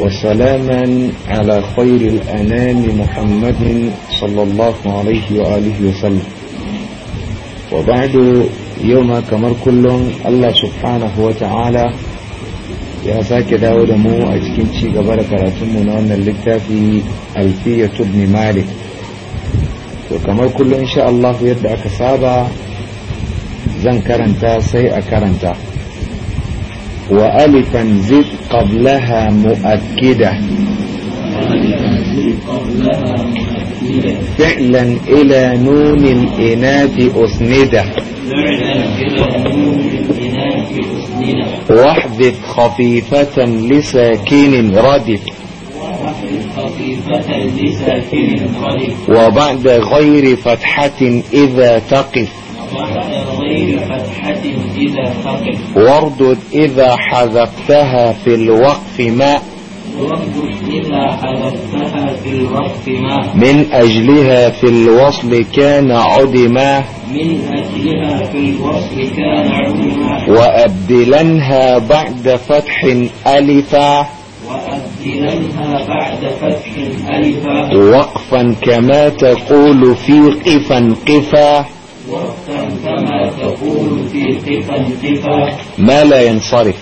وسلاما على خير الأنام محمد صلى الله عليه وآله وسلم وبعد يوم كمر كلهم الله سبحانه وتعالى يا فاكدا ودمو أتكنتي قبل كراتم نوانا اللقاء في ألفية ابن مالك وكمر كلهم إن شاء الله يدعك سابا زنكرنتا سيئة كرنتا, سيء كرنتا. وألفا زد قبلها مؤكدة فعلا إلى نون الإناث أسندة واحذف خفيفة لساكن ردف وبعد غير فتحة إذا تقف وبعد غير فتحة واردد إذا حذفتها في الوقف ما من أجلها في الوصل كان عدما من أجلها في الوصل كان عدما وأبدلنها بعد فتح ألفا وأبدلنها بعد فتح ألفا وقفا كما تقول في قفا قفا وقفا كما ما لا ينصرف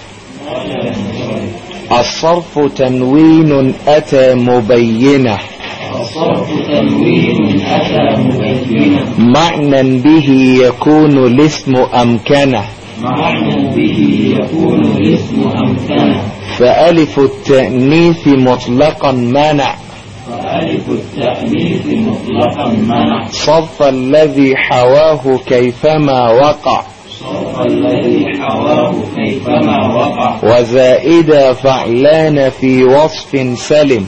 الصرف تنوين أتى مبينة الصرف تنوين أتى معنى به يكون الاسم أمكنه معنى به يكون الاسم أمكنه فألف التأنيث مطلقا منع فألف التأنيث مطلقا منع صرف الذي حواه كيفما وقع كيفما وقع وزائد فعلان في وصف سلم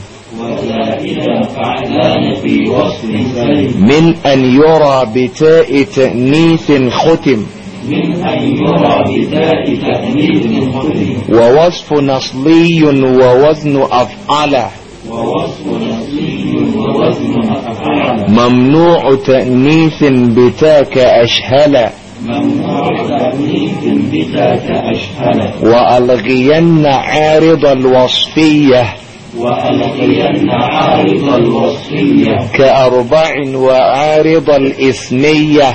فعلان في وصف سلم من أن يرى بتاء تأنيث ختم من أن يرى بتاء تأنيث ختم ووصف نصلي ووزن أفعله ووصف نصلي ووزن أفعله ممنوع تأنيث بتاك أشهلا ممنوع تأنيث وألغين عارض الوصفية وألغين عارض الوصفية كأربع وعارض الإثمية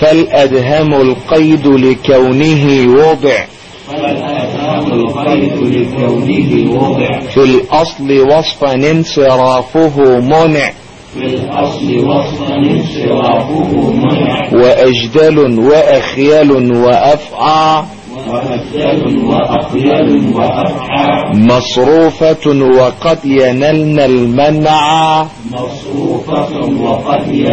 فالأدهم القيد لكونه وضع في الأصل وصفا انصرافه منع وأجدل وأخيل وأفعى مصروفة وقد ينلنا المنع مصروفة وقد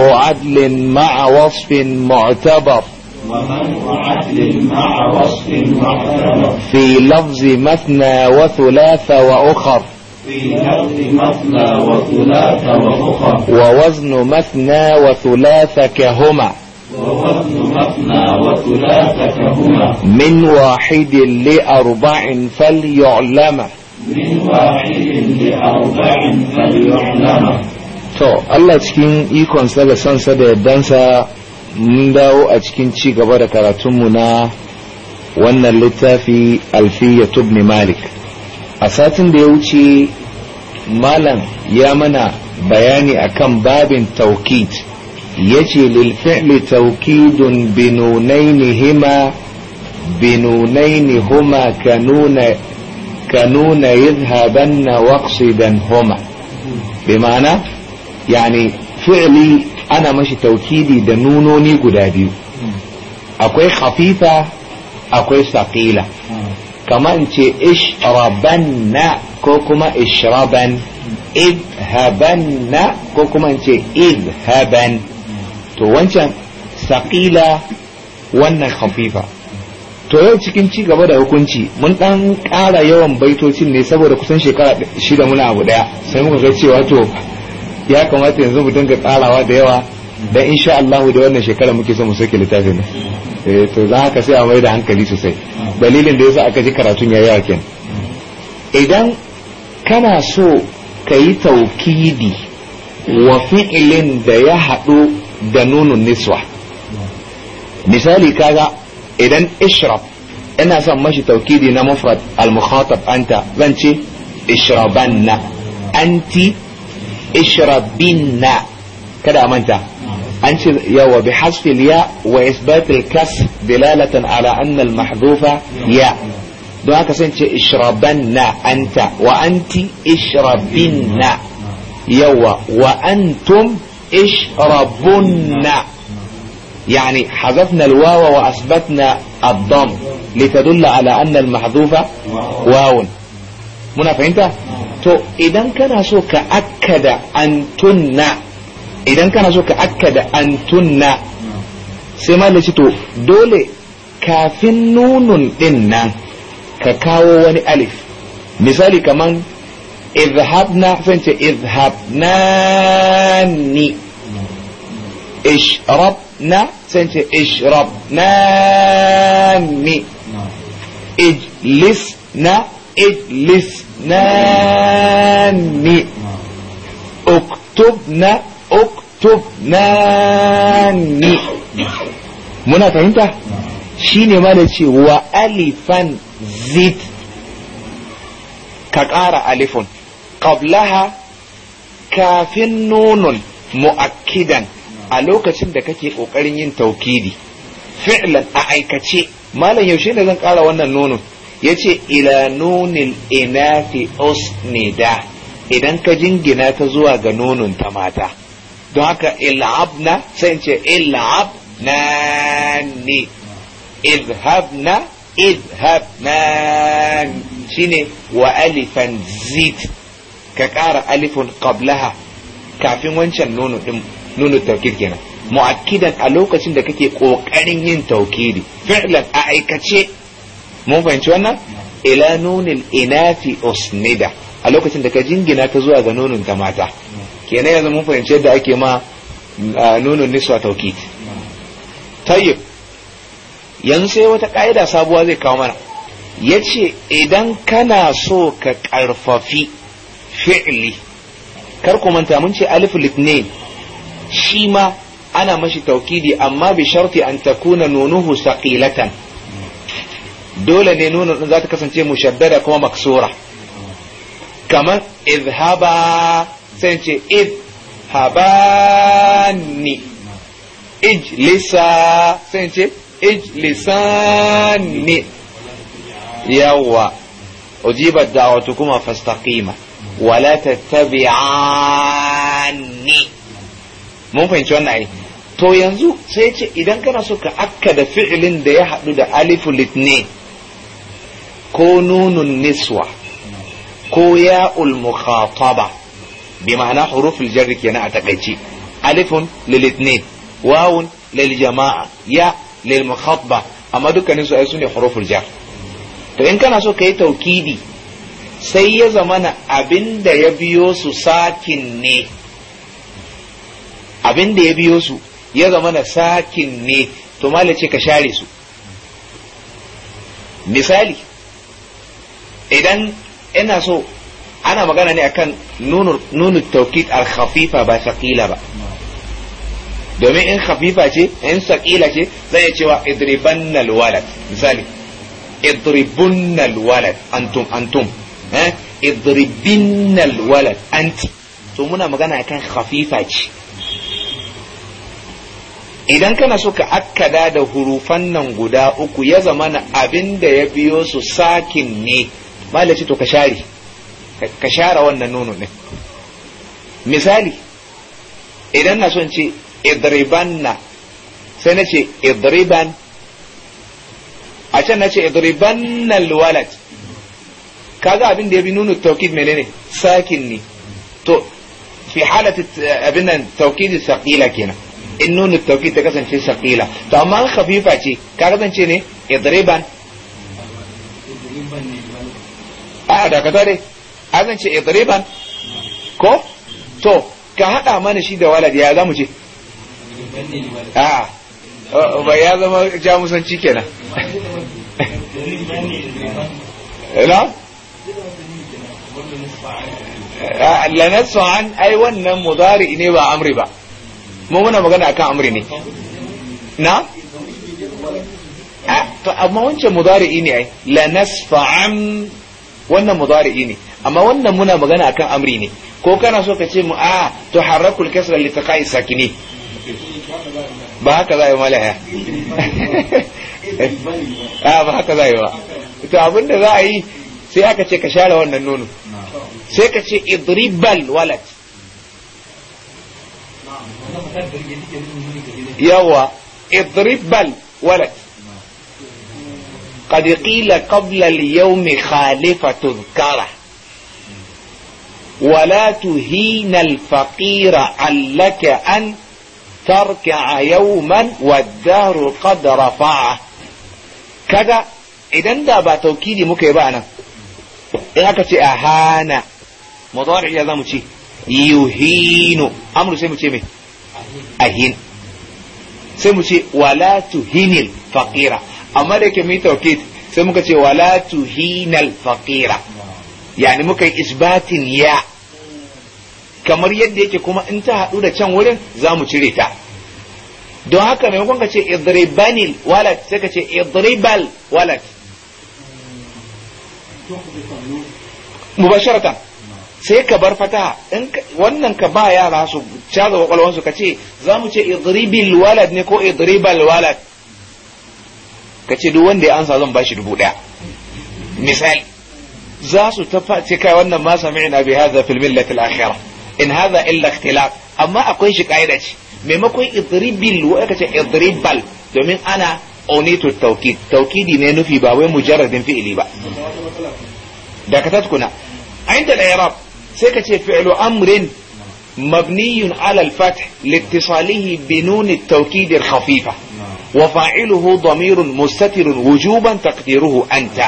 عدل مع وصف معتبر ومنع عدل مع وصف معتبر في لفظ مثنى وثلاث وأخر مثنى وثلاث وفخر ووزن مثنى وثلاث كهما ووزن li arba'in كهما من واحد لأربع فليعلم to Allah cikin ikon da sansa da yardansa mun dawo a cikin ci gaba da karatunmu na wannan littafi alfiya tubni malik a satin da ya wuce malam ya mana bayani akan babin taukid ya ce lilfi'li taukidun binunaini hima binunaini huma kanuna kanuna yadhhabanna waqsidan huma bi ma'ana yani fi'li ana mashi taukidi da nunoni guda biyu akwai khafifa akwai saƙila kamar ce ishrabanna ko kuma ishraban na ko kuma ce idhaban to wancan saƙila wannan khafifa to yau cikin ci gaba da hukunci mun ɗan ƙara yawan baitocin ne saboda kusan shekara shida muna abu ɗaya sai muka ga cewa to ya kamata yanzu mu dinga ƙarawa da yawa dan insha Allah da wannan shekara muke son mu soke littafin eh to za haka sai a mai da hankali sosai dalilin da yasa aka ji karatun yayi yawa kenan idan kana so ka yi taukidi wa da ya haɗu da nunun niswa misali kaga idan ishrab ina son mashi taukidi na mufrad al-mukhatab anta zan ce ishrabanna anti ishrabinna kada manta أنت يو بحذف الياء وإثبات الكس دلالة على أن المحذوفة ياء دعاك هكا سنت اشربن أنت وأنت اشربن يو وأنتم اشربن يعني حذفنا الواو وأثبتنا الضم لتدل على أن المحذوفة واو منافع أنت تو إذا كان سوك أكد أنتن idan kana so ka akkada antunna sai ma to dole kafin nunun din nan ka kawo wani alif misali kaman izhabna sai ce izhabna ni ishrabna sai ce ishrabna ni ijlisna ijlisna ni اكتبنا tufnani muna fahimta shine ma da ce wa alifan zit ka ƙara alifun ƙablaha kafin nunun mu'akkidan a lokacin da kake ƙoƙarin yin taukidi fi'lan a aikace malam yaushe ne zan ƙara wannan nunun ya ce ila nunin inafi da idan ka jingina ta zuwa ga nunun ta mata don haka il'abna sai in ce il'abnani idhabna shine wa alifan zid ka ƙara alifin qablaha kafin wancan nono din nono taukid kenan mu'akkidan a lokacin da kake kokarin yin taukiri fi'lan a aikace mun fahimci wannan ila nunin inafi usnida a lokacin da ka jingina ta zuwa ga nonon ta mata kenan yanzu mun fahimci yadda ake ma nunun niswa taukid tayyib yanzu sai wata ƙa'ida sabuwa zai kawo mana ya ce idan kana so ka ƙarfafi fi'li kar ku manta mun ce alif litnin shi ma ana mashi taukidi amma bi sharti an takuna nunuhu saqilatan dole ne nunun din za ta kasance mushaddada kuma maksura kamar izhaba sai ce id habani ijlisa sai ce ijlisani yawa ujibat kuma fastaqima wala tattabi'ani mun fahimci wannan ai to yanzu sai ce idan kana so ka akkada fi'ilin da ya haɗu da alifu litne ko nunun niswa ko ya'ul mukhataba bi ma'ana huruful jarri kenan a takaice alifun lil itnin wawun lil jama'a ya lil mukhatba amma dukkanin su ai sune huruful to in kana so ka yi taukidi sai ya zamana abinda ya biyo su sakin ne abinda ya biyo su ya zamana sakin ne to malace ka share su misali idan ina so ana magana ne akan nunu taukid al-khafifa ba saqila ba domin in khafifa ce in saqila ce zai cewa idribanna al-walad misali idribunna al-walad antum antum eh idribinna al-walad anti to muna magana akan khafifa ce idan kana so ka akkada da hurufan nan guda uku ya zama abin da ya biyo su sakin ne malaci to ka share ka share wannan nono ne misali idan na son ce na sai na ce idriban a can na ce idribanna alwalad kaga abin da ya bi nunu taukid menene sakin ne to fi halata abin nan taukid saqila kenan in nunu taukid ta kasance saqila to amma an khafifa ce ka kasance ne idriban a da ka dai azan ce idriban eh, ko to ka hada mana shi da walad ya zamu je? a ba oh, oh, ya zama jamusanci kenan na ah, lanatsu an ai wannan mudari ne ba amri ba mu muna magana akan amri ne na ah, amma wancan mudari'i ne ai lanasfa'an wannan mudari'i ne amma wannan muna magana akan amri ne ko kana so ka ce mu a to harrakul kasra li taqai sakini ba haka zai mala ya a ba haka zai ba to abinda za a yi sai aka ce ka share wannan nono sai ka ce idribal walad yawa idribal walad قد قيل قبل اليوم خالفة ذكره ولا تهين الفقير علك أن تركع يوما والدهر قد رفعه كذا idan da ba taukidi muka yi ba nan in aka ce a hana mazawar iya za mu ce yuhino amru sai mu ce mai ahin sai mu ce wala tuhinil faqira amma da yake mu yi taukid sai muka ce wala tuhinal faqira yani muka yi isbatin ya kamar yadda yake kuma in ta haɗu da can wurin za mu cire ta don haka maimakon ka ce idribanil walat sai ka ce idribal walat mubasharatan sai ka bar fata in wannan ka ba yara su caza kwakwalwansu ka ce za mu ce idribil walat ne ko idribal walat? ka ce duk wanda ya ansa zan ba shi dubu ɗaya misali za su tafa kai wannan ma sami'na bi hadha fil millati al akhirah in hadha illa ikhtilaf amma akwai shi kaida ce maimakon idribil wa aka ce idribal domin ana onito tawkid tawkidi ne nufi ba wai mujarradin fi'ili ba da ka tatkuna عند الإعراب سيكتي فعل أمر مبني على الفتح لاتصاله بنون التوكيد الخفيفة وفاعله ضمير مستتر وجوبا تقديره أنت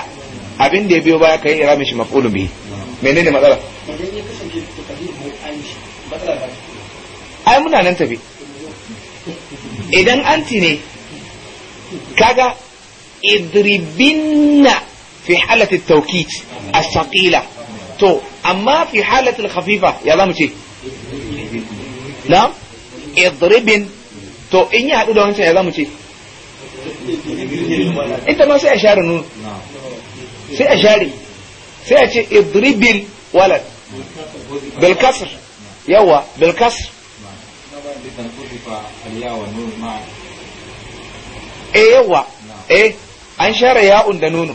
abin da ya biyo baya kai iramin shi maf'ulun bihi menene matsala ai muna nan tafi idan anti ne kaga idribinna fi halati tawkit as-saqila to amma fi halati khafifa ya zamu ce na'am idribin to in ya hadu da wancan ya zamu ce ita ma sai a share nunu فئة جاري فئة اضرب الولد بالكسر يوى بالكسر ايه يوى ايه انشار ياء دنونو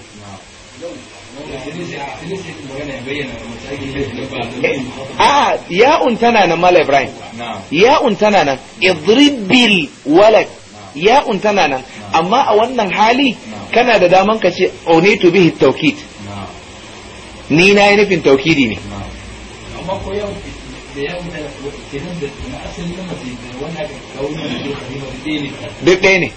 اه ياء تنانا مال ابراهيم يا نعم. ياء تنانا اضرب الولد ya'un tana nan amma a wannan hali kana da daman ka ce unitu bihi taukid. ni na yi nufin taukidi ne amma ko yau da kenan da na asali da wannan duk ɗaya ne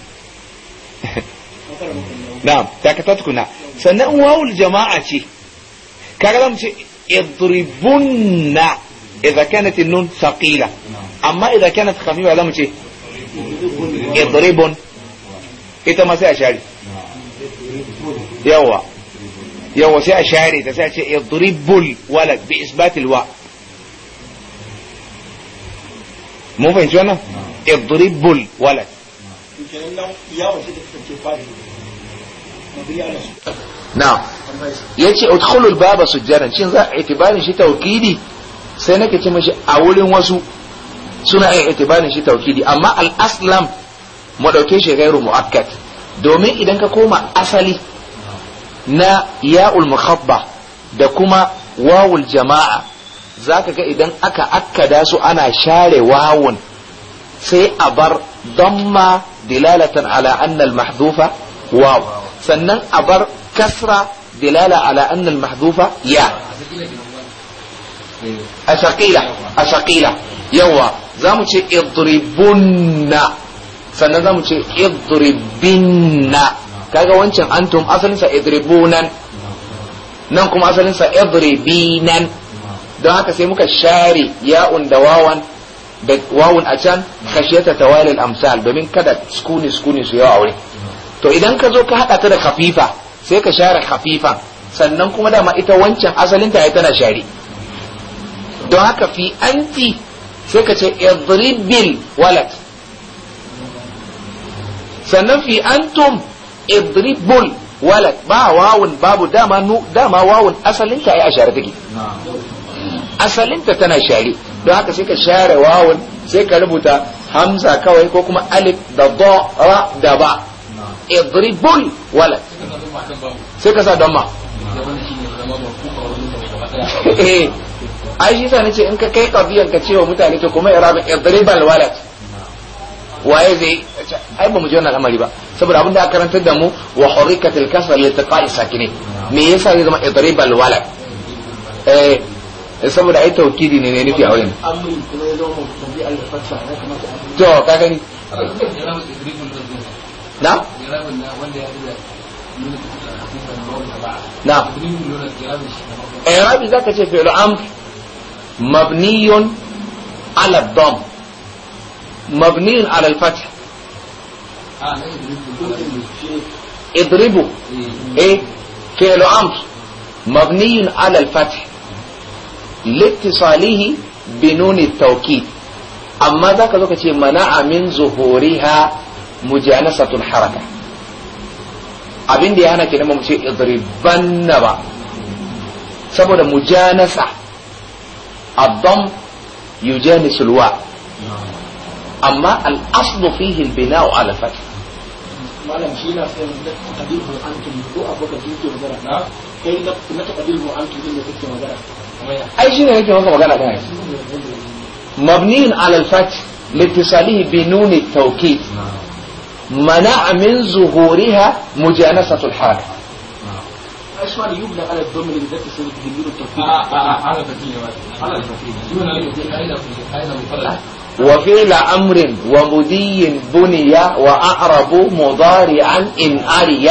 na'am dakata tukuna sannan wawul jama'a ce kaga zamu ce idribunna idza kanat an-nun thaqila amma idza kanat khafifa zamu ce idribun ita ma sai a share yawa yawa sai a share ta sai a ce idribul walad bi isbatil wa mun fahimci wannan idribul walad na ya ce udkhulul baba sujjaran shin za a itibarin shi tawkidi sai nake ce mashi a wurin wasu suna yin itibarin shi tauhidi amma al-aslam mu dauke shi gairu mu'akkad domin idan ka koma asali na ya'ul mukhabba da kuma wawul jama'a zaka ga idan aka akkada su ana share wawun sai a bar damma dilalatan ala anna al waw sannan a bar kasra dilala ala anna al ya a thaqila a thaqila yawa za mu ce idribunna sannan za mu ce idribinna kaga wancan antum asalinsa idribunan nan kuma asalinsa idribinan don haka sai muka share ya'un da wawan da wawun a can khashiyata tawalil amsal domin kada sukuni sukuni su yawa aure to idan ka zo ka hada ta da khafifa sai ka share khafifan sannan kuma dama ita wancan asalin ya tana share don haka fi anti sai ka ce idribil walad sannan fi antum idribul walad ba wawun babu dama nu dama wawun asalinta ai a share take asalinta tana share don haka sai ka share wawun sai ka rubuta hamza kawai ko kuma alif da da ra da ba idribul walad sai ka sa don ai shi sa nace in ka kai qadiyan ka cewa mutane to kuma irabi idribal walad waye zai ai ba mu ji wannan al'amari ba saboda abinda aka karantar da mu wa hurikatil kasr li tiqa'i sakini me yasa zai zama idribal walad eh saboda ai taukidi ne ne nufi a wurin to ka gani na na eh rabi zaka ce fi'lu amr مبني على الضم مبني على الفتح اضربوا ايه فعل امر مبني على الفتح لاتصاله بنون التوكيد اما ذاك ذاك منع من ظهورها مجانسة الحركة abin da ya hana kenan mu ce idribanna ba saboda mujanasa الضم يجانس الواو اما الاصل فيه البناء على فتح اي شيء مبني على الفتح لاتصاله بنون التوكيد نعم. منع من ظهورها مجانسه الحاله اسمها اليوم لا قالت ضمن لذات السنة الجميل والتوفيق على الفتية آه، آه، آه، وفعل أمر ومدي بني وأعرب مضارعا إن أري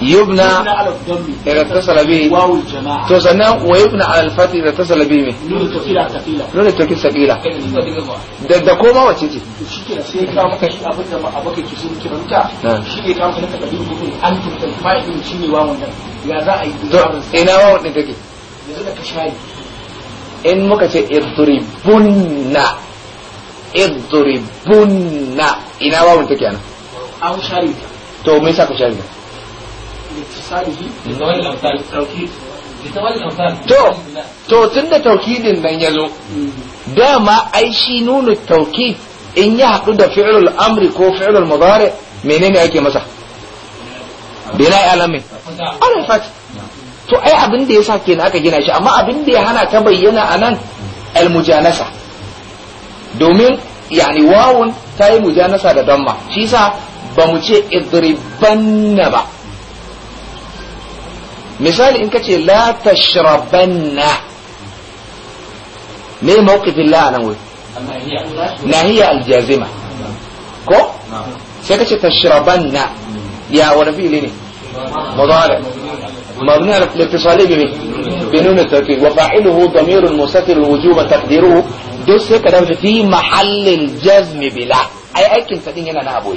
yubna idan tasala bihi to sannan wa yubna ala al-fath idan tasala bihi tafila tafila nuru tafila tafila da da koma wace da abaka ki shike ka maka ka dubu gudu an tuntan fa'idin shine wa wannan ya za a yi ina wa wannan yanzu da shayi in muka ce idribunna idribunna ina wa wannan take ana an shari to me yasa ka shari salihi to to tunda taukidin nan ya zo, dama ai shi nuna taukid in ya haɗu da fi'lul amri ko fi'lul mudari menene ake masa bina alamin alal fat to ai abin da yasa kenan aka gina shi amma abin da ya hana ta bayyana anan al mujanasa domin yani wawun ta yi mujanasa da damma shi sa ba mu ce idribanna ba misali in kace la tashrabanna me mawqifin la nan wai nahiya aljazima ko sai kace tashrabanna ya wani fi'ili ne mudari مبني على الاتصال به بنون التركيز وفاعله ضمير مستتر الوجوب تقديره دوس هيك في محل الجزم بلا اي اكل فدين هنا انا ابوي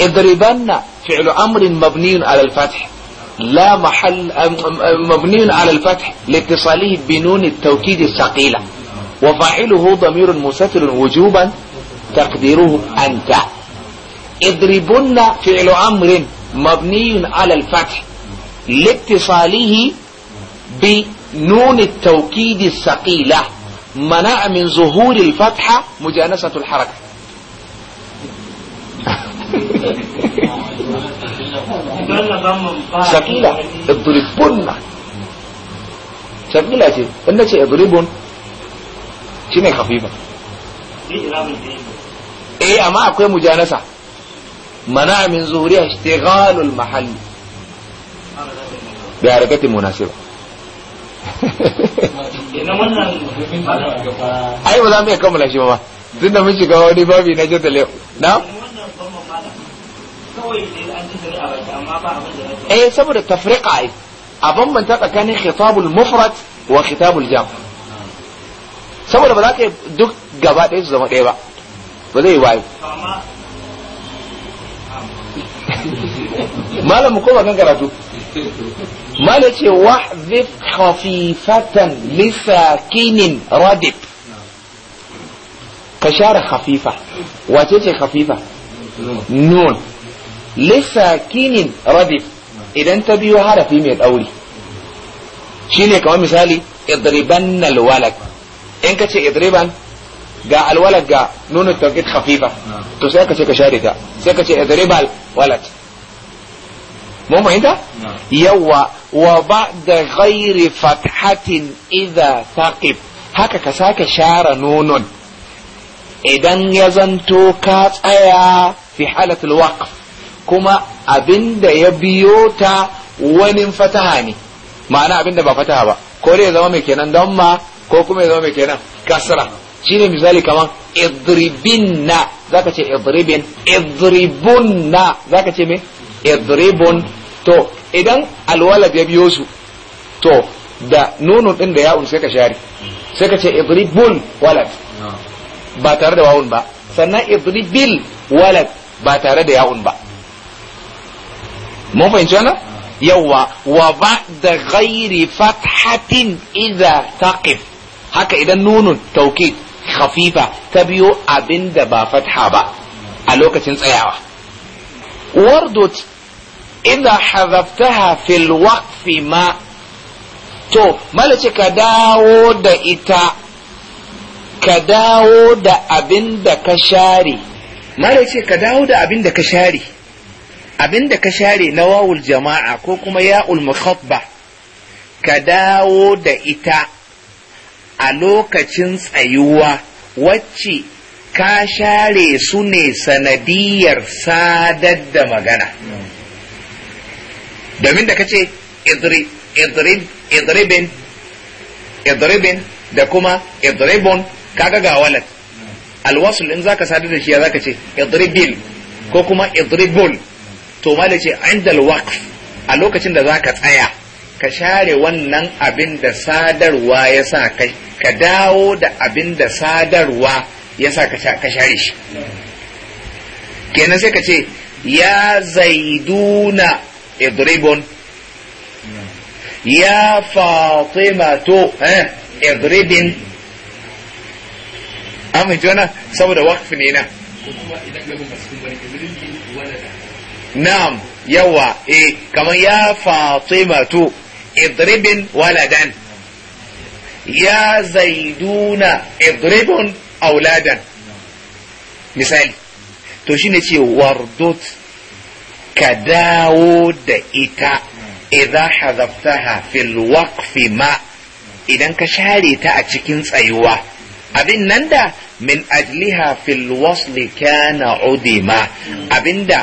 اضربن فعل امر مبني على الفتح لا محل مبني على الفتح لاتصاله بنون التوكيد الثقيله وفاعله ضمير مستتر وجوبا تقديره انت اضربن فعل امر مبني على الفتح لاتصاله بنون التوكيد الثقيله منع من ظهور الفتحة مجانسة الحركة سكيلة اضربن سكيلة شيء إن شيء اضربن شيء خفيفة إيه أما أكو مجانسة منع من ظهورها اشتغال المحل بحركة مناسبة ai ba za mu iya kammala shi ba ba tun da mun shiga wani babi na leo na eh saboda tafriqa ai a bambanta tsakanin khitabul mufrat wa khitabul jam saboda ba za ka duk gaba ɗaya su zama ɗaya ba ba zai yi ba malam mu koma kan karatu mala ce wahzif khafifatan lisakinin radib ka share khafifa wace ce khafifa nun lisakinin radib idan ta biyo harafi mai dauri shine kamar misali idriban alwalad in ka ce idriban ga alwalad ga nunu tawkid khafifa to sai ka ce ka share ta sai ka ce idribal walad mu fahimta yawa wa ba'da ghairi fathatin idza taqib haka ka sake share nunun idan ya zanto ka tsaya fi halatul waqf kuma abinda ya biyo ta wani fataha ne ma'ana abinda ba fataha ba ko dai ya zama mai kenan damma ko kuma ya zama mai kenan kasra shine misali kaman idribinna ka ce idribin idribunna ka ce me idribun to idan alwalad ya biyo su to da nunun din da ya'un sai ka share sai ka ce idribun walad ba tare da wawun ba sannan idribil walad ba tare da ya'un ba mun fahimci wannan yawa wa ba da ghairi fathatin idza taqif haka idan nunun tawkid khafifa ta biyo abin da ba fatha ba a lokacin tsayawa wardot idza hazaftaha fil waqfi ma to malace ka dawo da ita ka dawo da abin da ka share malace ka dawo da abin da ka share abin da ka share na wawul jama'a ko kuma ya'ul mukhabba ka dawo da ita a lokacin tsayuwa wacce ka share su ne sanadiyar sadar da magana domin da ka ce idribin idribin da kuma idribun kaga ga walat alwasul in zaka sadar da shi ya zaka ce idribin ko kuma idribul to da ce a lokacin da zaka tsaya ka share wannan abin da sadarwa ya sa kai ka dawo da abin da sadarwa ya sa ka share shi kenan sai ka ce ya zaiduna idribun ya fatimato eh, idribin amince wana saboda wakfi ne na na'am yawa eh kamar ya fatimatu idribin waladan ya zaiduna idribun auladan misali to shine ce wardot ka dawo da ita idan hazaftaha fil waqfi ma idan ka share ta a cikin tsayuwa abin nan da min ajliha fil wasli kana udima abinda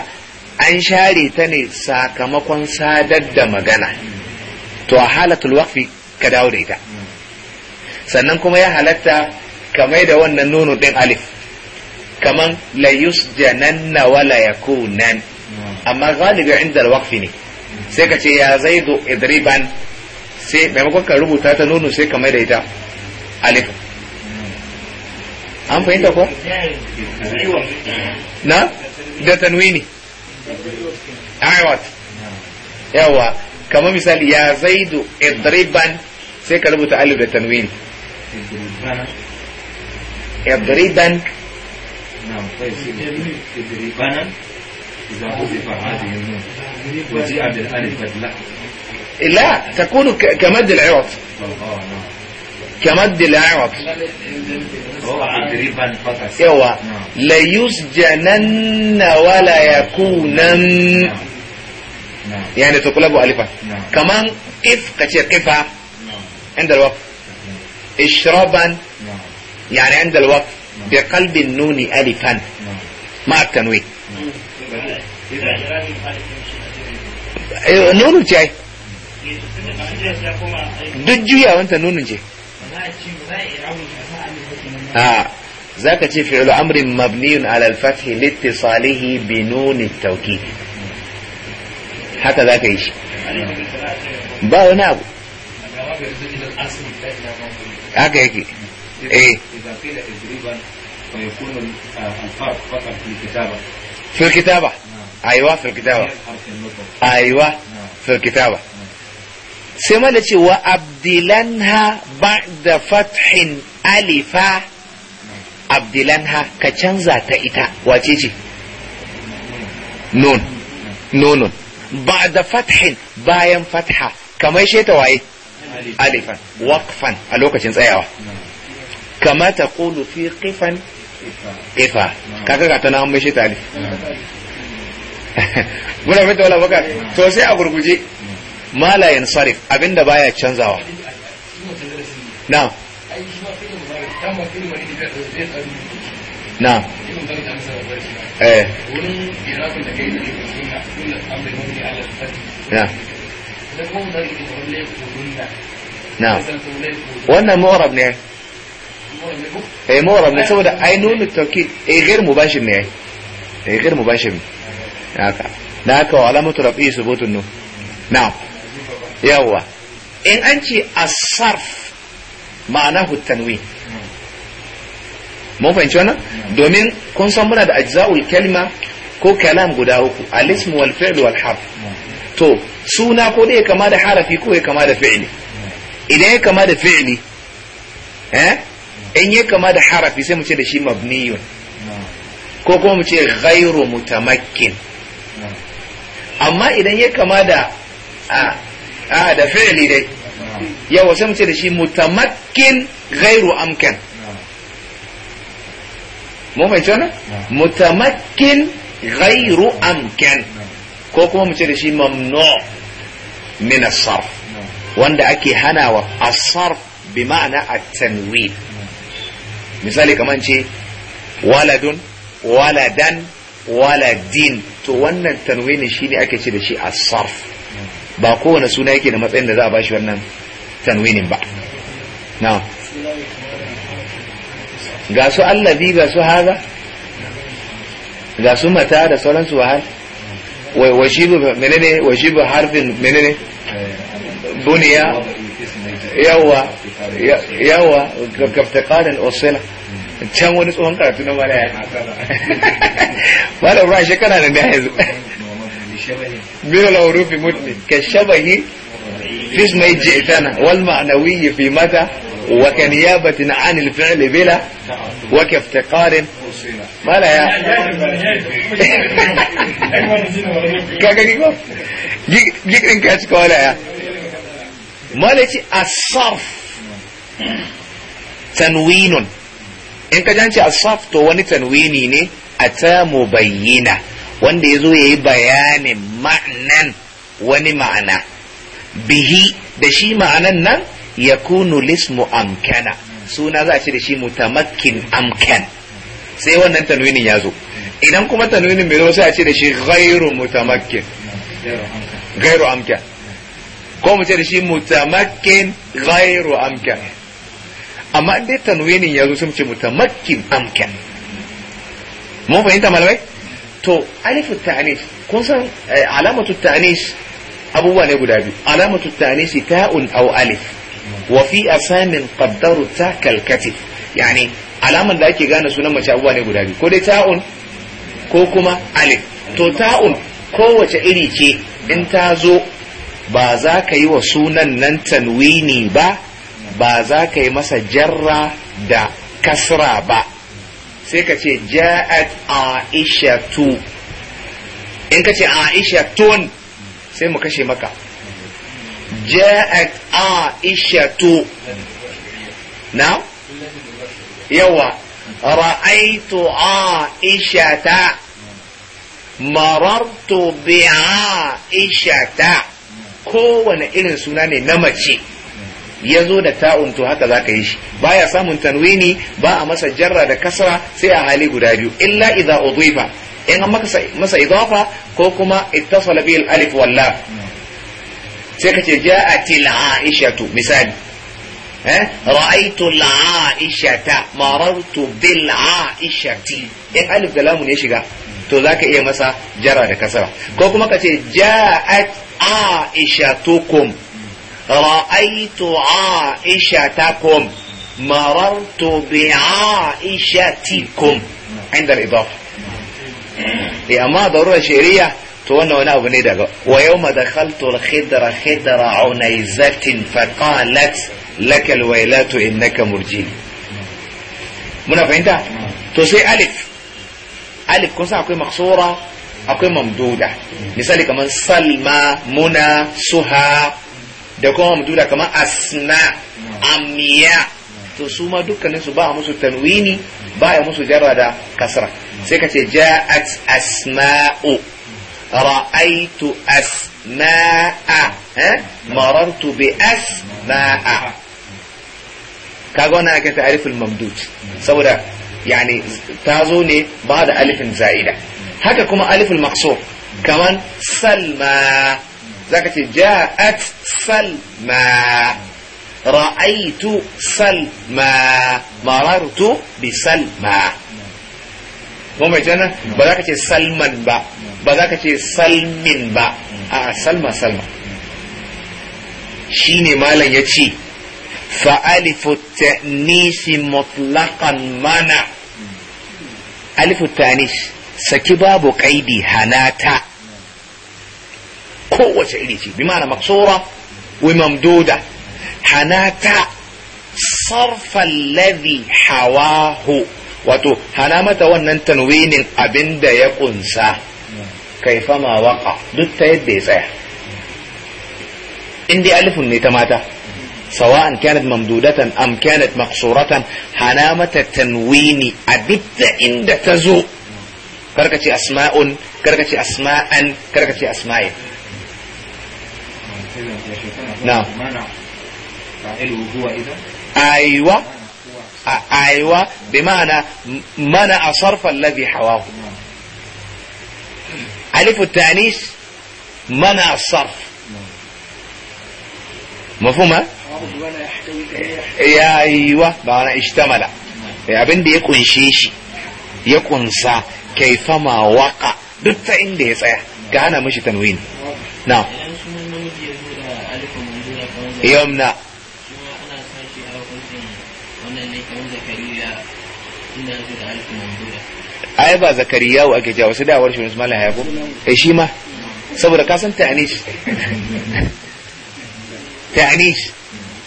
an share ta ne sakamakon sadar da magana to a halatul waqfi ka dawo da ita sannan kuma ya halatta ka mai da wannan nuno din alif kaman la yusjananna wa la yakunan amma galibi inda alwaqfi ne sai ka ce ya zaidu idriban sai maimakon ka rubuta ta nuno sai ka mai da ita alif an fahimta ko na da tanwini aiwat yawa kamar misali ya zaidu idriban sai ka rubuta alif da tanwin idriban لا تكون كمد العوض كمد العوض لا يسجنن ولا يكونن يعني تقلب ألفا كمان قف كتير قفا عند الوقف اشربا يعني عند الوقف بقلب النون ألفا مع التنوين نونun ce duk juyawanta nunun ce a za ka ce fi'lu amrin mabniyun ala al-fath li ittisalihi bi nun at-tawkid haka za ka yi shi ba wani abu haka yake eh filkitaba aiwa filkitaba aiwa sai mada da cewa abdilan ha ba da fathin alifa abdilan ha ka canza ta ita wace ce nun nunun ba da fathin bayan fatha kamar sheta waye alifan waqfan a lokacin tsayawa kama ta kulu fi qifan ifa kaga ga ta na mai sheta alif muna fita wala baka to sai a gurguje mala yansarif abinda baya canzawa na'am na'am eh wurin da kai da من الأمر مبني نعم نعم wannan mu'rab ne eh mu'rab ne saboda ai nunu tawkid eh ghair mubashir ne eh ghair mubashir haka da haka wa alamatu rafi subutun nu na'am yawa in an ce as-sarf ma'anahu tanwin mun fahimci wannan domin kun san muna da ajza'ul kalima ko kalam guda uku al-ism wal fi'l wal harf to suna ko dai kama da harafi ko ya kama da fi'li idan ya kama da fi'li eh in ya kama da harafi sai mu ce da shi mabniyun ko kuma mu ce ghayru mutamakkin amma idan ya kama da a a da fi'li dai yawa sai mu ce da shi mutamakkin ghayru amkan Mu fahimci wannan mutamakkin ghairu amkan ko kuma mu ce da shi mamnu min sarf wanda ake hanawa as-sarf bi ma'ana at-tanwin misali kaman ce waladun waladan waladin to wannan tanwinin shi ne ake ce da shi a sarf ba kowane suna yake da matsayin da za a bashi wannan tanwinin ba na'am ga su allazi ga su haza ga su mata da sauransu wa har wajibu menene wajibu harfin menene buniya yawa yawa kaftakarin osila can wani tsohon karatu na mara ya mara ruwa shekara da daya yanzu biyu laurufi mutu ka shabahi fis mai jitana wal ma'anawiyyi fi mata wa kan yabatin anil fi'li bila wa kafta qarin mala ya ka gani ko cika wala ya mala ce asaf tanwinun in ka janci asaf to wani tanwini ne a ta bayyana wanda ya zo ya yi bayanin manan wani ma'ana bihi da shi ma'anan nan ya kunu lismu amkana suna za a ce da shi mutamakkin amkan sai wannan tanwinin ya zo idan kuma tanwinin bai zo sai a ce da shi gairu mutamakkin Gairu amkan ko mu ce da shi mutamakkin gairu amkan amma in dai tanwinin ya zo sun ce mutamakin amkan mun fahimta malamai to alifu ta'anis kun san eh, alamatu ta'anis abubuwa ne guda biyu alamatu ta'anis ta'un aw alif wa fi asamin qaddaru ta kalkatif yani Alamar da ake gane sunan mace abubuwa ne guda biyu ko dai ta'un ko kuma alif to ta'un kowace iri ce in ta zo ba za ka yi wa sunan nan tanwini ba ba za ka yi masa jarra da kasra ba sai ka ce ja'at tu in ka ce Aisha tun sai mu kashe maka ja'at tu na yawa ra'aitu aishata marartu bi aishata kowane irin suna ne na mace ya zo da ta'un to haka za ka yi shi baya samun tanwini ba a masa jarra da kasra sai a hali guda biyu illa idza udhifa in an masa idafa ko kuma ittasala bil alif walla sai ka ce ja'atil aishatu misali رأيت العائشة مررت بالعائشة إيه ألف كلام يا شيخ تو ذاك إيه مسا جرى كسرة كوكما كتير جاءت عائشتكم رأيت عائشتكم مررت بعائشتكم عند الإضافة يا ما ضرورة شعرية تونا وانا ويوم دخلت الخدر خدر عنيزة فقالت lakal wailatu innaka murjini muna fahimta to sai alif alif kun san akwai maksura akwai mamduda misali kamar salma muna suha da kuma mamduda kamar asna amiya to su ma dukkanin su ba musu tanwini ba a musu jarra da kasra sai ka ce ja'at asma'u ra'aitu asma'a eh? marartu bi asma'a kaga wannan ake ta'riful mamdud saboda yani ta zo ne ba da alifin za'ida haka kuma alifin maqsur kaman salma zaka ce ja'at salma ra'aitu salma marartu bi salma mun bai jana ba za ka ce salman ba ba za ka ce salmin ba a salma salma shine malam ya ce فألف التأنيس مطلقا منع ألف التأنيس saki babu kaidi hanata kowace iri ce bi mana maksura wa mamduda hanata sarfa alladhi hawahu wato hana mata wannan tanwinin abinda ya kunsa kaifa ma duk ta yadda ya tsaya in dai alifun ne ta mata سواء كانت ممدودة أم كانت مقصورة حلامة التنوين أبت عند تزو كركتي أسماء كركتي أسماء كركتي أسماء نعم هو إذا أيوة أيوة بمعنى منع صرف الذي حواه ألف التأنيث منع الصرف مفهومة؟ ya yiwa ba wani ishtamala abin da ya kunshe shi ya kunsa fama waka duk ta inda ya tsaya gana hana mashi tanwini na yamna ai ba zakariya wa ake jawo sai da awar shi wani malam hayako eh shi ma saboda ka san ta'anis ta'anis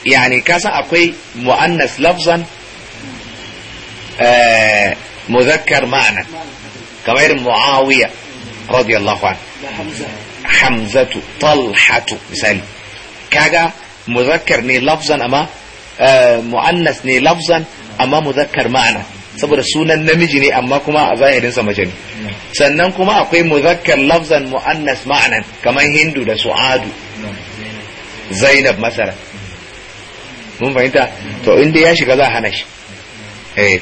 yani kasan akwai mu'annas lafzan muzakkar ma'ana kamar muawiya radiyallahu an hamzatu talhatu misali kaga muzakkar ne lafzan amma mu'annas ne lafzan amma muzakkar ma'ana saboda sunan namiji ne amma kuma a zahirin mace ne sannan kuma akwai muzakkar lafzan mu'annas ma'anan kamar hindu da su'adu zainab masara mun fahimta to in dai ya shiga za a hana shi eh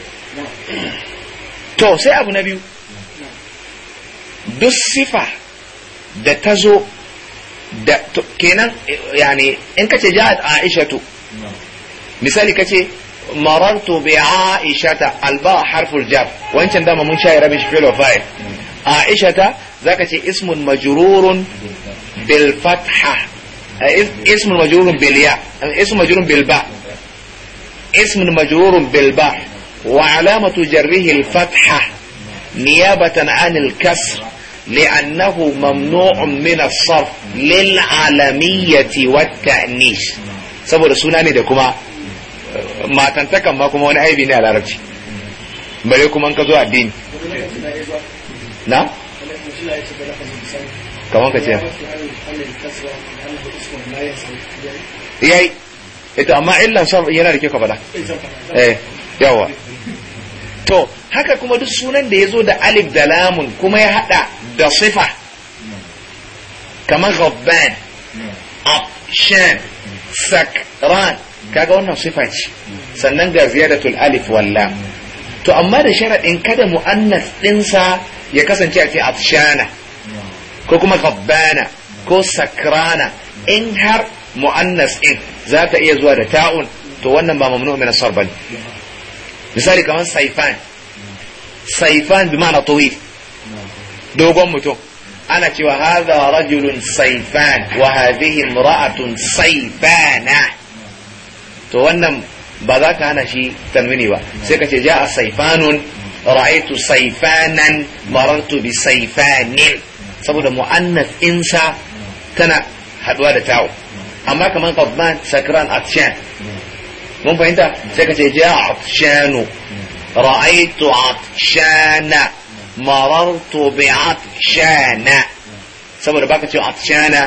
to sai abu na biyu duk sifa da ta zo da kenan yani in kace ja'at aishatu misali kace marartu bi aishata alba harful jar wancan dama mun sha rabish fi'l wa fa'il aishata zaka ce ismun majrurun bil fatha اسم مجرور بالياء اسم مجرور بالباء اسم مجرور بالباء وعلامة جره الفتحة نيابة عن الكسر لأنه ممنوع من الصرف للعالمية والتأنيث saboda suna ne da kuma matantakan ma kuma wani aibi ne a larabci bare kuma ka zo addini na? kamar ka ce yayi ita amma illan shar'i yana da ke ka faɗa eh yawa to haka kuma duk sunan da yazo da alif da lamun kuma ya hada da sifa kamar Rabban, afshan sakran kaga wannan sifa ce sannan ga ziyadatul alif walla to amma da sharadin kada mu'annas dinsa ya kasance a ce afshana ko kuma gabbana ko sakrana in har mu'annas in za ta iya zuwa da ta'un to wannan ba mamnu min asar bane misali kamar saifan saifan bi ma'ana tawil dogon mutum ana cewa hadha rajulun saifan wa hadhihi imra'atun saifana to wannan ba za ka hana shi tanwini ba sai ka ce ja'a saifanun ra'aytu saifanan marartu bi saifanin saboda mu'annas insa tana haduwa da tawo amma kamar qadban sakran atshan mun fahimta sai ka ce ja atshanu ra'aytu atshana marartu bi atshana saboda baka ce atshana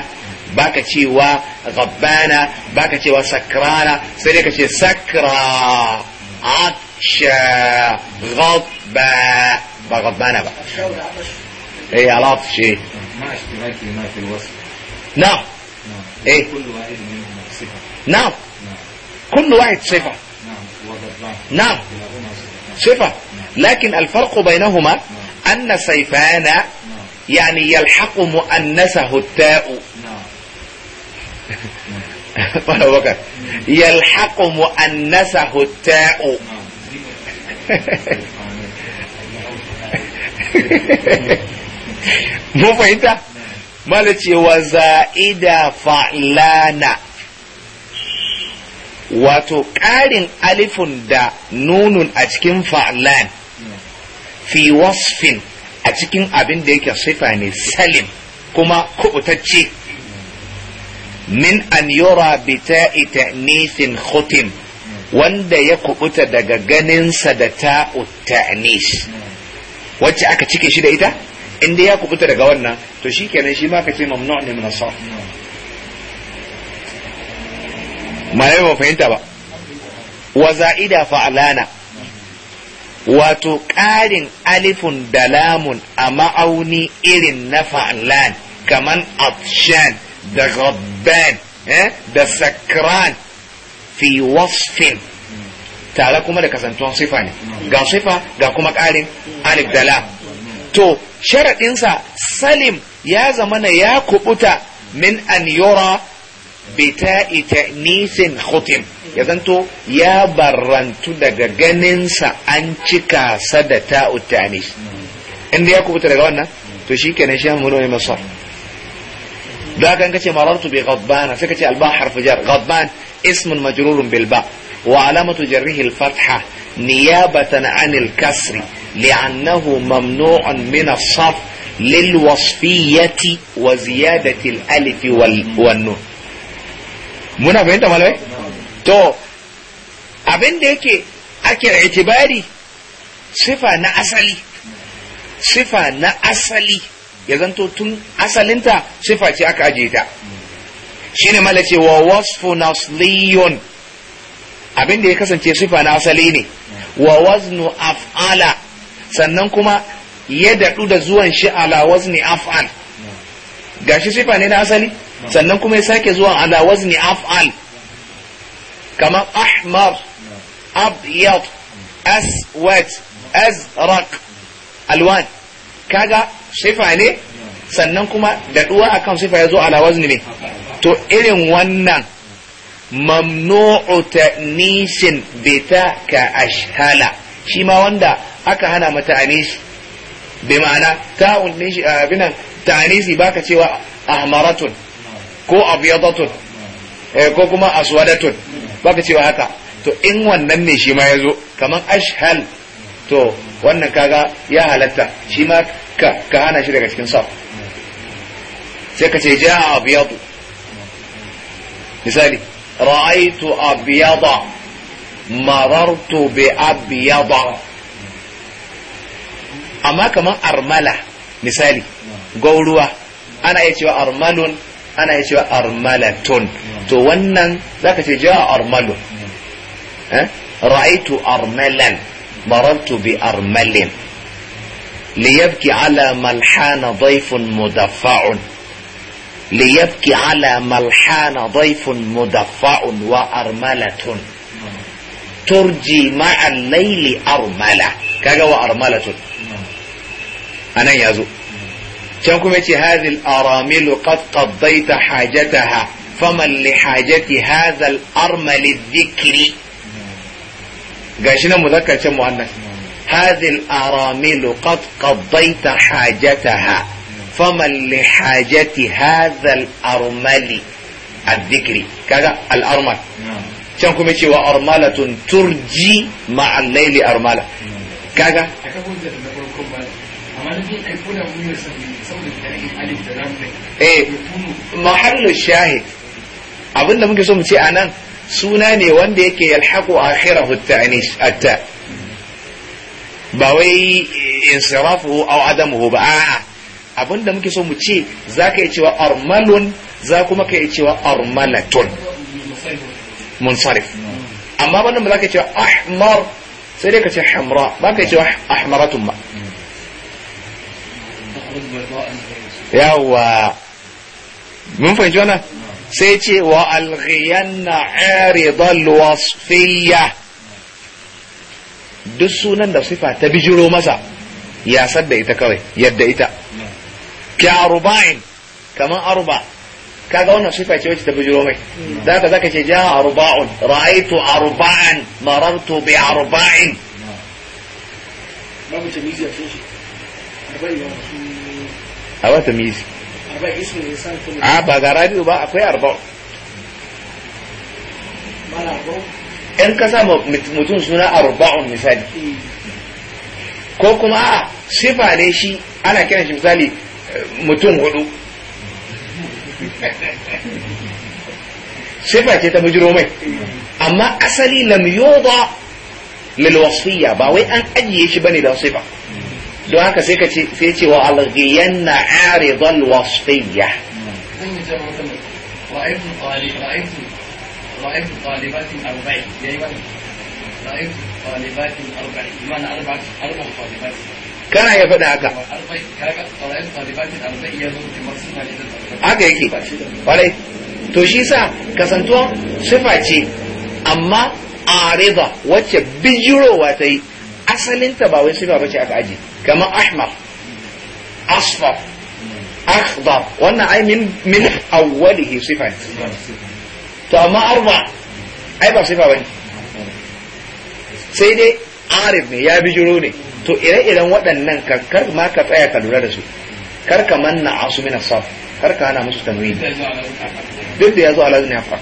baka cewa gabbana baka cewa sakrana sai dai ka ce sakra atsha gabba ba gabbana ba ايه على عطش ايه مع اشتراكي ما في الوصف نعم ايه كل واحد صفة نعم كل واحد صفة نعم صفة لكن الفرق بينهما أن سيفان يعني يلحق مؤنسه التاء بكر يلحق مؤنسه التاء مو فهمتها mala cewa za'ida fa'lana wato ƙarin alifun da nunun a cikin fa'lan fi wasfin a cikin abin da yake sifa ne salim kuma kubutacce min an yura bi ta'i ta'nisin khutim wanda ya kubuta daga ganinsa da ta'u ta'nis wacce aka cike shi da ita in dai ya kubuta daga wannan to shikenan shi ma ka ce mamnu ne min as ma yau ba fahimta ba wa za'ida wato ƙarin alifun da lamun a ma'auni irin na fa'alan, kaman atshan da gabban eh, da sakran fi wasfin tare kuma da kasantuwan sifa ne ga sifa ga kuma ƙarin alif da to sharaɗinsa salim ya zamana ya kubuta min an yura bita'i ta'nisin khutim ya zanto ya barrantu daga ganinsa an cika sa da ta'u ta'nis inda ya kubuta daga wannan to shikenan shi mu ne masar da ka kace marartu bi ghadban sai kace alba harfu jar ghadban ismun majrurun bil ba wa alamatu jarrihi al fatha niyabatan an al kasri لأنه ممنوع من الصرف للوصفية وزيادة Muna fahimta منا فهمت مالوي تو abin da yake ake itibari sifa na asali sifa na asali ya zanto tun asalinta sifa ce aka ajiye ta shine mala ce wa wasfu nasliyun abin da ya kasance sifa na asali ne wa waznu af'ala sannan kuma ya daɗu da zuwan shi ala wazni af'al gashi sifa ne na asali sannan kuma ya sake zuwa ala wazni af'al kamar ahmar abyad aswad azraq alwan kaga sifa ne sannan kuma daɗuwa akan sifa ya zo ala wazni ne to irin wannan mamnu'u ta'nisin ka ashhala shi ma wanda aka hana mata anisi bi ma'ana ta'un ne shi abinan ta'anisi baka cewa ahmaratun ko abyadatun eh, ko kuma aswadatun baka cewa haka to in wannan ne shi ma yazo kaman ashhal to wannan kaga ya halatta shi ma ka ka hana shi daga cikin saf sai ka ce ja'a abyadu misali ra'aytu abyada marartu bi abyada amma kamar armala misali gauruwa ana iya cewa armalun ana iya cewa armalatun to wannan zaka ce ja'a armalun eh? ra'aitu armalan marartu bi armalin liyabki ala malhana dayfun mudafa'un liyabki ala malhana dayfun mudafa'un wa armalatun turji ma'a laili armala kaga wa armalatun anan ya zo can kuma ce hadhihi al-aramil qad qaddaita hajataha faman li hajati hadha al-armal dhikri gashi nan muzakkar can muannas hadhihi al-aramil qad qaddaita hajataha faman li hajati hadha al-armal الذكر كذا الأرمل can kuma cewa armalatun turji ma'al laili armala kaga eh mahallu shahid abinda muke so mu ce anan suna ne wanda yake yalhaqu akhirahu at-ta'nis at ba wai insirafu au adamu ba a, abinda muke so mu ce zaka yi cewa armalun za kuma ka yi cewa armalatun munsarif amma wannan ba zaka yi cewa ahmar sai dai ka ce hamra ba ka yi cewa ahmaratun ba yawa mun fahimci wannan sai ce wa alghiyanna aridal wasfiyya duk sunan da sifa ta bijiro masa ya da ita kawai yadda ita ki arba'in kaman arba kaga wannan sifa ce wacce ta bijiro mai da haka zaka ce ja arba'un ra'aitu arba'an marartu bi arba'in babu tamizi a cikin shi arba'in a wata mizi a ba ga radio ba akwai arba in kasa mutum suna arba'un misali ko kuma a sifa ne shi ana kiran shi misali mutum hudu sifa ce ta bujiro mai amma asali lam yoda lil wasfiya ba wai an ajiye shi bane da sifa don haka sai ka ce sai ce wa alghiyan na aridan wasfiyya kana ya faɗa haka haka yake ƙwarai to shi sa kasantuwa sifa ce amma a wacce bijirowa ta yi asalinta ba wai sifa bace aka aji kamar ahmar asfar akhdar wannan ai min min awwalihi sifa to amma arba ai ba sifa bane sai dai arif ne ya bijiro ne to ire-iren waɗannan kar ma ka tsaya ka lura da su kar ka manna asu min asaf kar ka hana musu tanwini duk da yazo alazin ya fa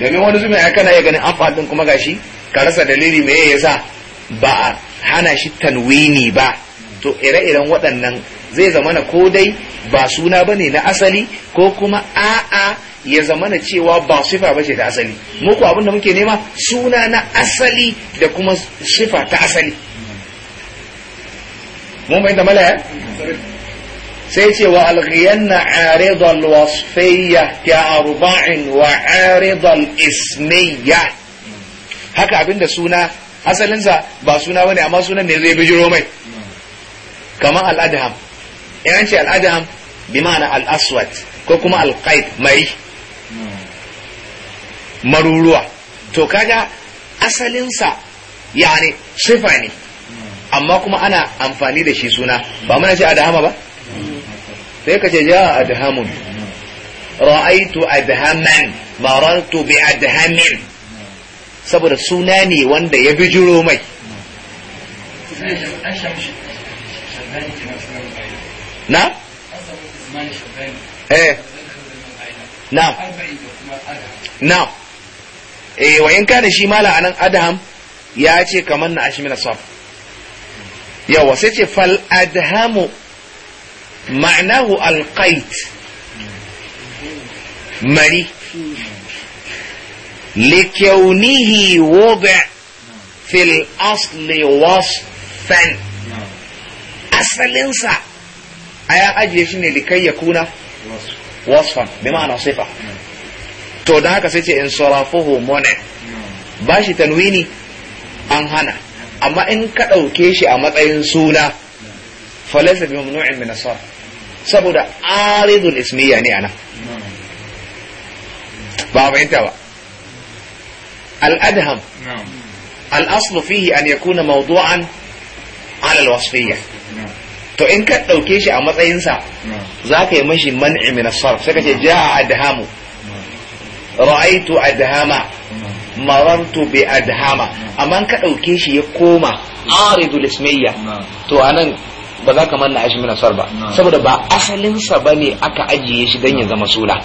domin wani zuma ya kana ya ganin afa din kuma gashi ka rasa dalili me yasa ba a hana shi tanwini ba to ire-iren waɗannan zai zamana ko dai ba suna bane na asali ko kuma a'a ya zamana cewa ba sifa ba ce ta asali muku abin da muke nema suna na asali da kuma sifa ta asali mun da mala eh? sai ce wa na aridal wasfiyya ta arba'in wa aridal ismiyya haka abinda suna asalinsa ba suna bane amma sunan ne zai bijiro mai kamar al'adham in an ce al'adham bi ma'ana al'aswat ko kuma alqaid mai maruruwa to kaga asalinsa yani sifa ne amma kuma ana amfani da shi suna ba muna ce adhama ba sai ka ce ja adhamun ra'aitu adhaman marartu bi adhamin saboda suna ne wanda ya bijiro mai na? eh na na eh wayan kana shi mala anan adham ya ce kamar na ashmina saf yawa sai ce fal adhamu ma'anahu alqait mari لكونه وضع في الأصل وصفا أصلنسا أيا أجل شيء لكي يكون وصفا بمعنى صفة to da haka sai in sarafuhu mona ba shi tanwini an hana amma in ka ɗauke shi a matsayin suna falaisa bi mamnu'in min saboda aridul ismiya ne anan ba fahimta ba الأدهم الأصل فيه أن يكون موضوعا على الوصفية to in ka ɗauke shi a matsayinsa za ka yi mashi man'i min sarf sai ka ce ja'a adhamu ra'aitu adhama marartu bai adhama amma ka ɗauke shi ya koma aridul ismiyya to anan ba za ka manna shi min sarf ba saboda ba asalinsa bane aka ajiye shi dan ya zama sula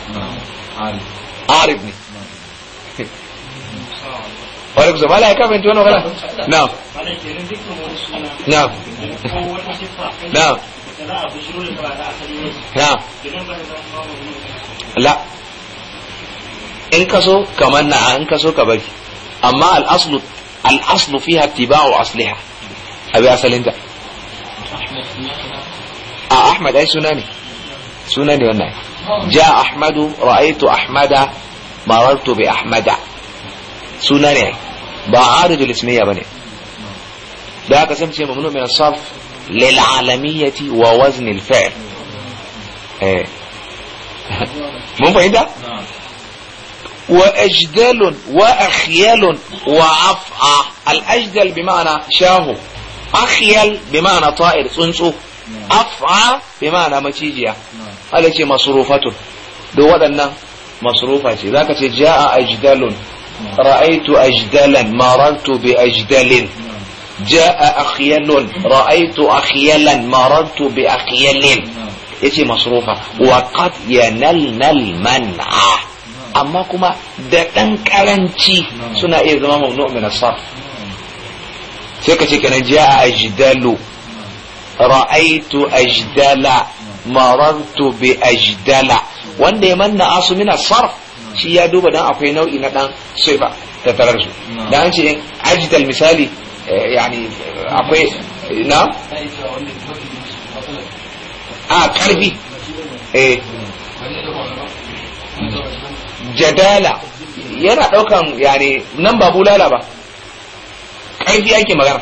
arid wa alaikum salam Allah ya kafa inta wannan magana na na na na'am la in kaso so ka in kaso so ka bari amma al-aslu al-aslu fiha ittiba'u asliha abi asalinta a ahmad ai suna ne suna ne wannan ja ahmadu ra'aytu ahmada marartu bi ahmada suna ne ba arijul ismiya bane da aka sance mamnu min asaf wa wazn al fa'l eh mun fahimta wa ajdal wa akhyal wa af'a al ajdal bima'ana shahu akhyal bima'ana ta'ir tsuntsu af'a bima'ana maciji'a alace masrufatun do waɗannan masrufa ce zaka ce jiya a ajdalun رأيت أجدلا مررت بأجدل جاء أخيل رأيت أخيلا مررت بأخيل yace masrufa wa qad yanalna al-man'a amma kuma da dan karanci suna iya zama mamnu min as-sarf sai kace kana jaa ajdalu ra'aytu ajdala marartu bi ajdala wanda ya manna asu min sarf shi ya duba dan akwai nau'i na dan sifa tarar su da an ce ajital misali eh, yani eh, akwai na a karfi eh. jadala yana daukan yani nan ba bulala ba karfi yake magana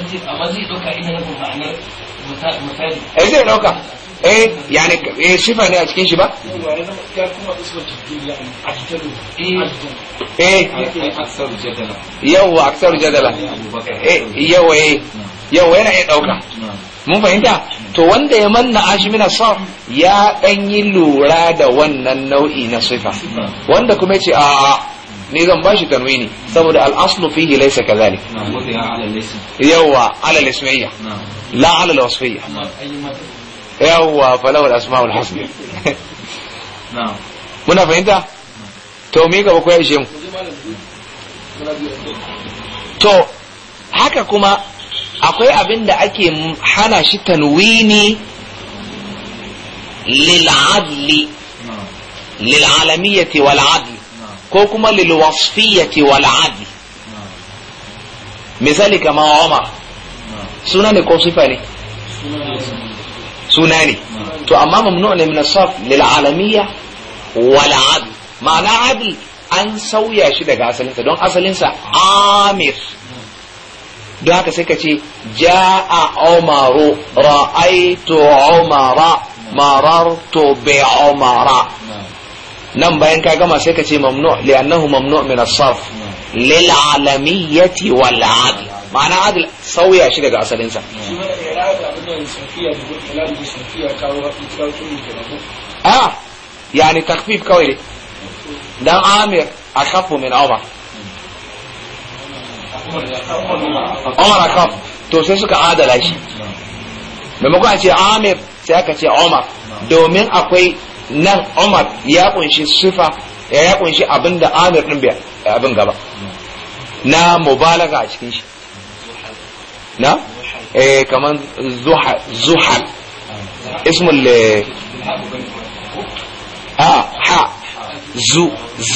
a zai dauka ina da ma'anar misali eh zai dauka eh yani eh sifa ne a cikin shi ba eh, eh. yawa aksaru jadala eh yawa eh yawa yana ya dauka mun fahimta to wanda ya manna ashimina saf ya dan yi lura da wannan nau'i na sifa wanda kuma yace a ni zan bashi tanwini saboda al-aslu fihi laysa kadhalik yawa ala al-ismiyya la ala al-wasfiyya yawwa falahu al-asmaul husna na'am muna fahimta to mi gaba ko ya ishe mu to haka kuma akwai abin da ake hana shi tanwini lil'adli lil'alamiyyati wal adli ko kuma lilwasfiyyati wal adli misali kamar Umar suna ne ko sifa ne suna ne to amma mamnu ne min asaf lil alamiya wal adl ma'ana adl an sauya shi daga asalinsa don asalinsa amir don haka sai ka ce ja'a umaru ra'aitu umara marartu bi umara nan bayan ka gama sai ka ce mamnu li'annahu mamnu min as lil alamiyati wal adl ma'ana adl sauya shi daga asalinsa a yani takfif kawai ne dan amir a kafu min umar umar to sai suka adala shi maimakon a ce amir sai aka ce Omar, domin akwai nan Omar ya kunshi sifa ya kunshi abin da amir din abin gaba na mubalaga a cikin shi na eh kaman zuhal zuhal ismul eh, ah, ha zu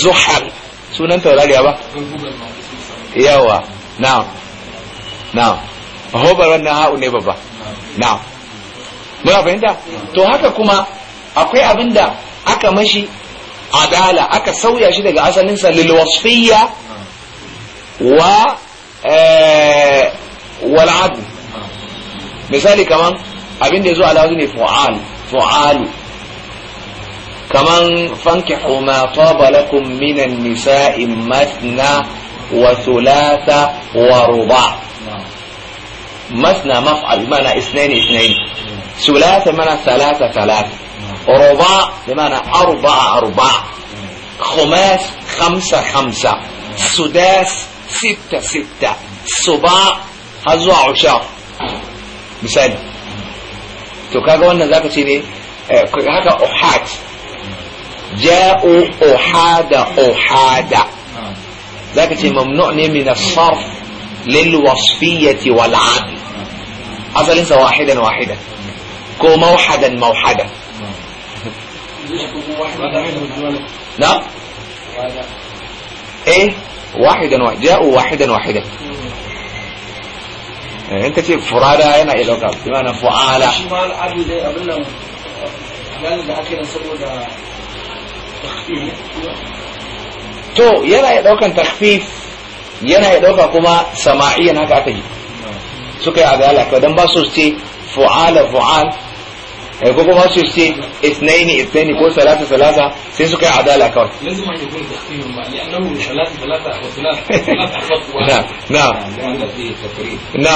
zuhal sunan taurariya ba yawa na'am na'am hobar wannan ha'u ne babba na'am muna fahimta to haka kuma akwai abinda aka mashi adala aka sauya shi daga asalinsa lilwasfiyya wa eh, wal'adu misali kaman abin da ya zo ala wajen ne fu'al fu'alu kaman fanki ma taba lakum minan nisa'i masna wa thulatha wa ruba masna maf'al mana isnain isnain ثلاثة mana thalatha ثلاثة ruba بمعنى arba arba خماس خمسة خمسة سداس ستة ستة سباع هزوا عشاق misali to kaga wannan zaka ce ne haka uhad ja'u uhada uhada zaka ce mamnu ne min as-sarf lil wasfiyati wal 'ad asalin sa wahidan wahidan ko mawhadan mawhada na eh واحدا واحدا جاءوا واحدا واحدا Eh, in ka ce furada yana iya ɗauka bi yana fu'ala shi ma al'adu dai abin nan nan da aka yi saboda to yana iya ɗaukan takfif yana iya ɗauka kuma sama'iyan haka aka yi suka yi a azala kawai don ba su ce fu'ala fu'al ko kuma su ce isnaini isnaini ko salasa salasa sai su kai adala kawai na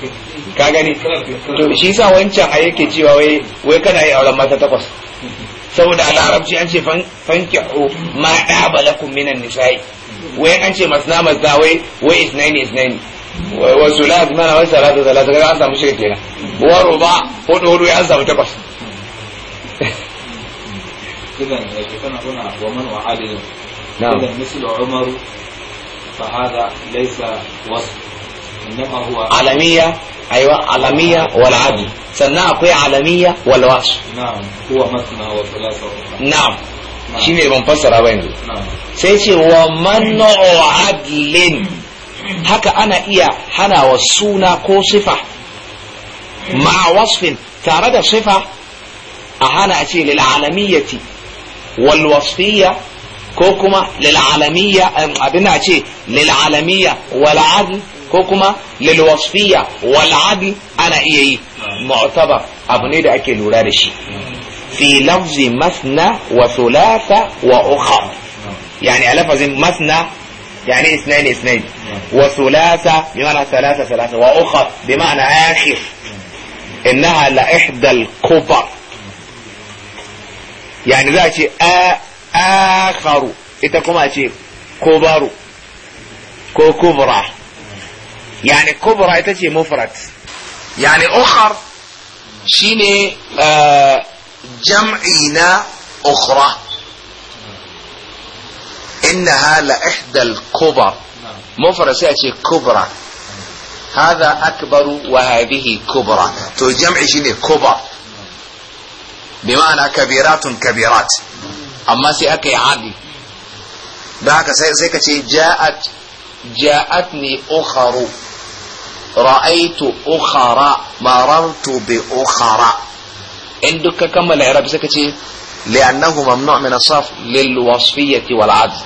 ka gani to shi sa wancan a yake cewa wai wai kana yi auren mata takwas saboda a larabci an ce fankihu ma ɗaba minan nisa'i wai an ce masna masna wai wai isnaini isnaini wa sulat mana wai salatu salatu kaga an samu shida kenan wa ruba hudu hudu an samu takwas idan yake kana kuna wa man wa adil na'am shine ban ba yanzu sai ce wa haka ana iya hana wa suna ko sifa ma'a wasfin tare da sifa a hana a ce lil'alamiyyati wal wasfiyya ko kuma lil'alamiyya abin a ce lil'alamiyya wal adl ko kuma lil wasfiyya wal adl ana iya yi mu'tabar abu ne da ake lura da shi fi lafzi masna wa thulatha wa ukhra yani a lafazin masna يعني اثنين اثنين وثلاثة بمعنى ثلاثة ثلاثة وأخر بمعنى آخر إنها لإحدى الكبر يعني ذا شيء آخر إنت كما شيء كبر كبرى يعني كبرى إنت شيء مفرد يعني أخر شيني جمعنا أخرى إنها لإحدى الكبر مفرد سيأتي كبرى هذا أكبر وهذه كبرى تو جمع شيني كبر بمعنى كبيرات كبيرات أما سيأكي عادي بهاك سيأتي جاءت جاءتني أخر رأيت أخرى مررت بأخرى إن دك كمل العرب سكتي لأنه ممنوع من الصرف للوصفية والعدل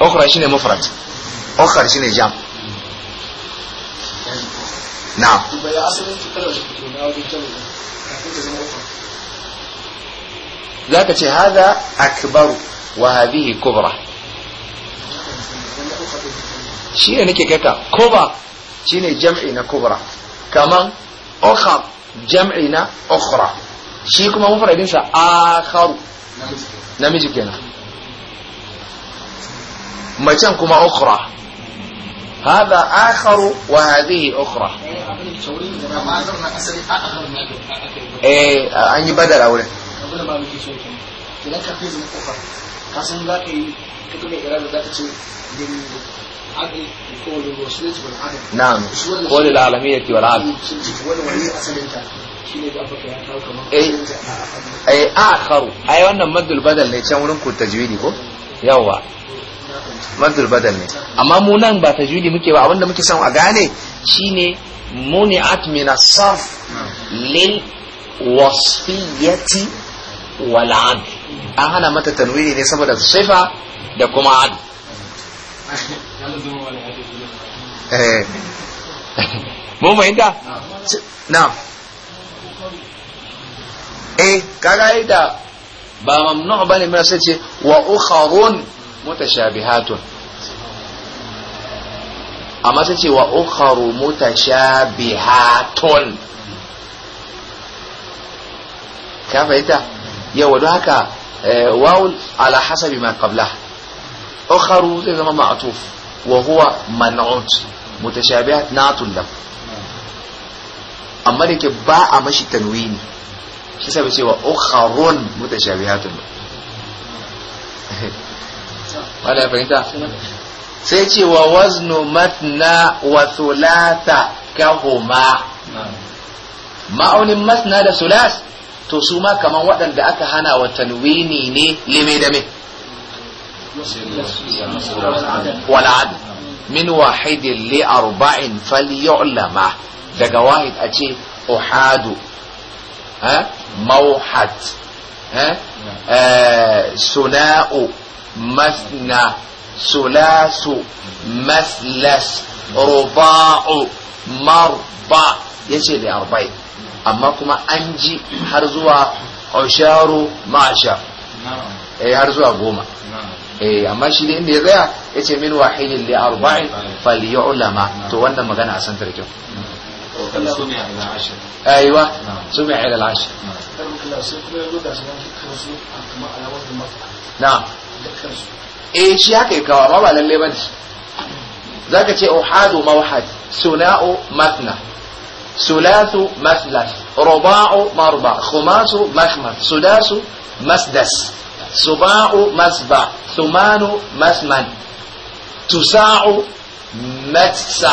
ukhra shine mufrad ukhra shine jam na'am zaka ce haza akbaru wa hadhihi kubra shi ne nake kaka kubra shine jam'i na kubra kaman ukhra jam'i na ukhra shi kuma mafaradinsa akaru akharu namiji kenan مجان كما أخرى هذا آخر وهذه أخرى أي أني بدل أولي نعم قول العالمية والعالم إيه, إيه، آخر أيوة أنا مدل بدل نيشان ونكو التجويدي يوه madul badal ne amma mu nan ba tajwidi muke ba abinda muke son a gane shine muni'at min as-sarf lil wasfiyati wal an hana mata tanwini ne saboda sifa da kuma ad eh. mun fahimta na eh kaga da ba mamnu bane mai sace wa ukharun mutashabihatun amma ta ce wa ukharu mutashabihatun ka fahimta yawa don haka eh, wawun ala hasabi ma qabla ukharu zai zama ma'tuf wa huwa man'ut mutashabihat na'tun lam amma da ke ba a mashi tanwini shi sabai cewa ukharun mutashabihatun ba wala fahimta sai ce wa waznu matna wa ka kahuma ma'aunin matna da sulas to su ma kaman waɗanda aka hana wa tanwini ne lime da me wal'ad min wahidin li arba'in falyu'lama daga wahid a ce uhadu eh, suna'u masna sulasu maslas ruba'u marba yace da arba'in amma kuma anji ji har zuwa ausharu ma'ashar har zuwa goma eh amma shi ne inda ya tsaya yace min wahidin li arba'in falyu'lama to wannan magana a san ta da kyau سمع إلى عشر أيوة سمع إلى العشر نعم eh shi haka ya kawo amma ba lalle ba ne za ka ce uhadu mawhad suna'u matna sulathu masla. ruba'u marba khumasu makhmas sudasu masdas suba'u masba sumanu masman tusa'u matsa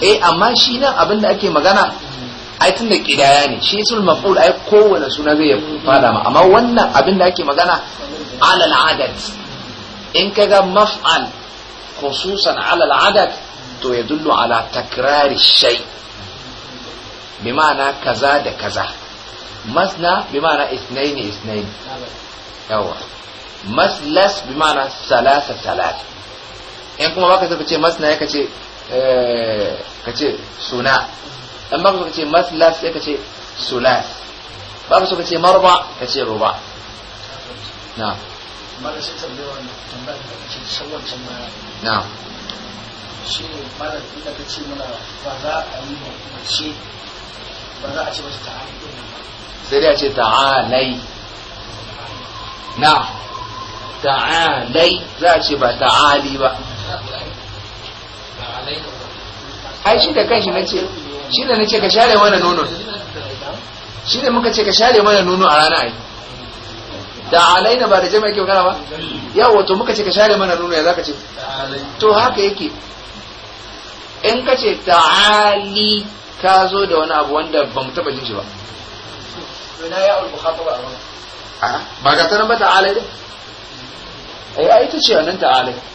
eh amma shi nan abin da ake magana ai tun da kidaya ne shi sul maf'ul ai kowane suna zai fada ma amma wannan abin da ake magana alal adad in kaga maf'al khususan alal adad to ya dullu ala takrari shay bi ma'ana kaza da kaza masna bi ma'ana isnaini isnaini yawa maslas bi ma'ana salasa salasa in kuma baka so ka ce masna ya kace eh, ka ce suna in baka so ka ce maslas ya kace sulas baka so ka ce marba ka ce ruba na mana sai tambayar tambayar da ke shawar tambaya na shi ne mana inda ka ce mana ba za a yi mace ba za a ce ba ta'ala sai dai a ce ta'alai na ta'alai za a ce ba ta'ali ba ai shi da kanshi na ce shi da na ce ka share mana nono shi da muka ce ka share mana nono a rana ai da alaina ba da jama'a ke magana ba yawa to muka ce ka share mana nono ya zaka ce to haka yake in ka ce ta'ali ka zo da wani abu wanda ba mu taba jin shi ba ba ga ta nan ba ta'ala dai eh, ai ai ta ce wannan ta'ala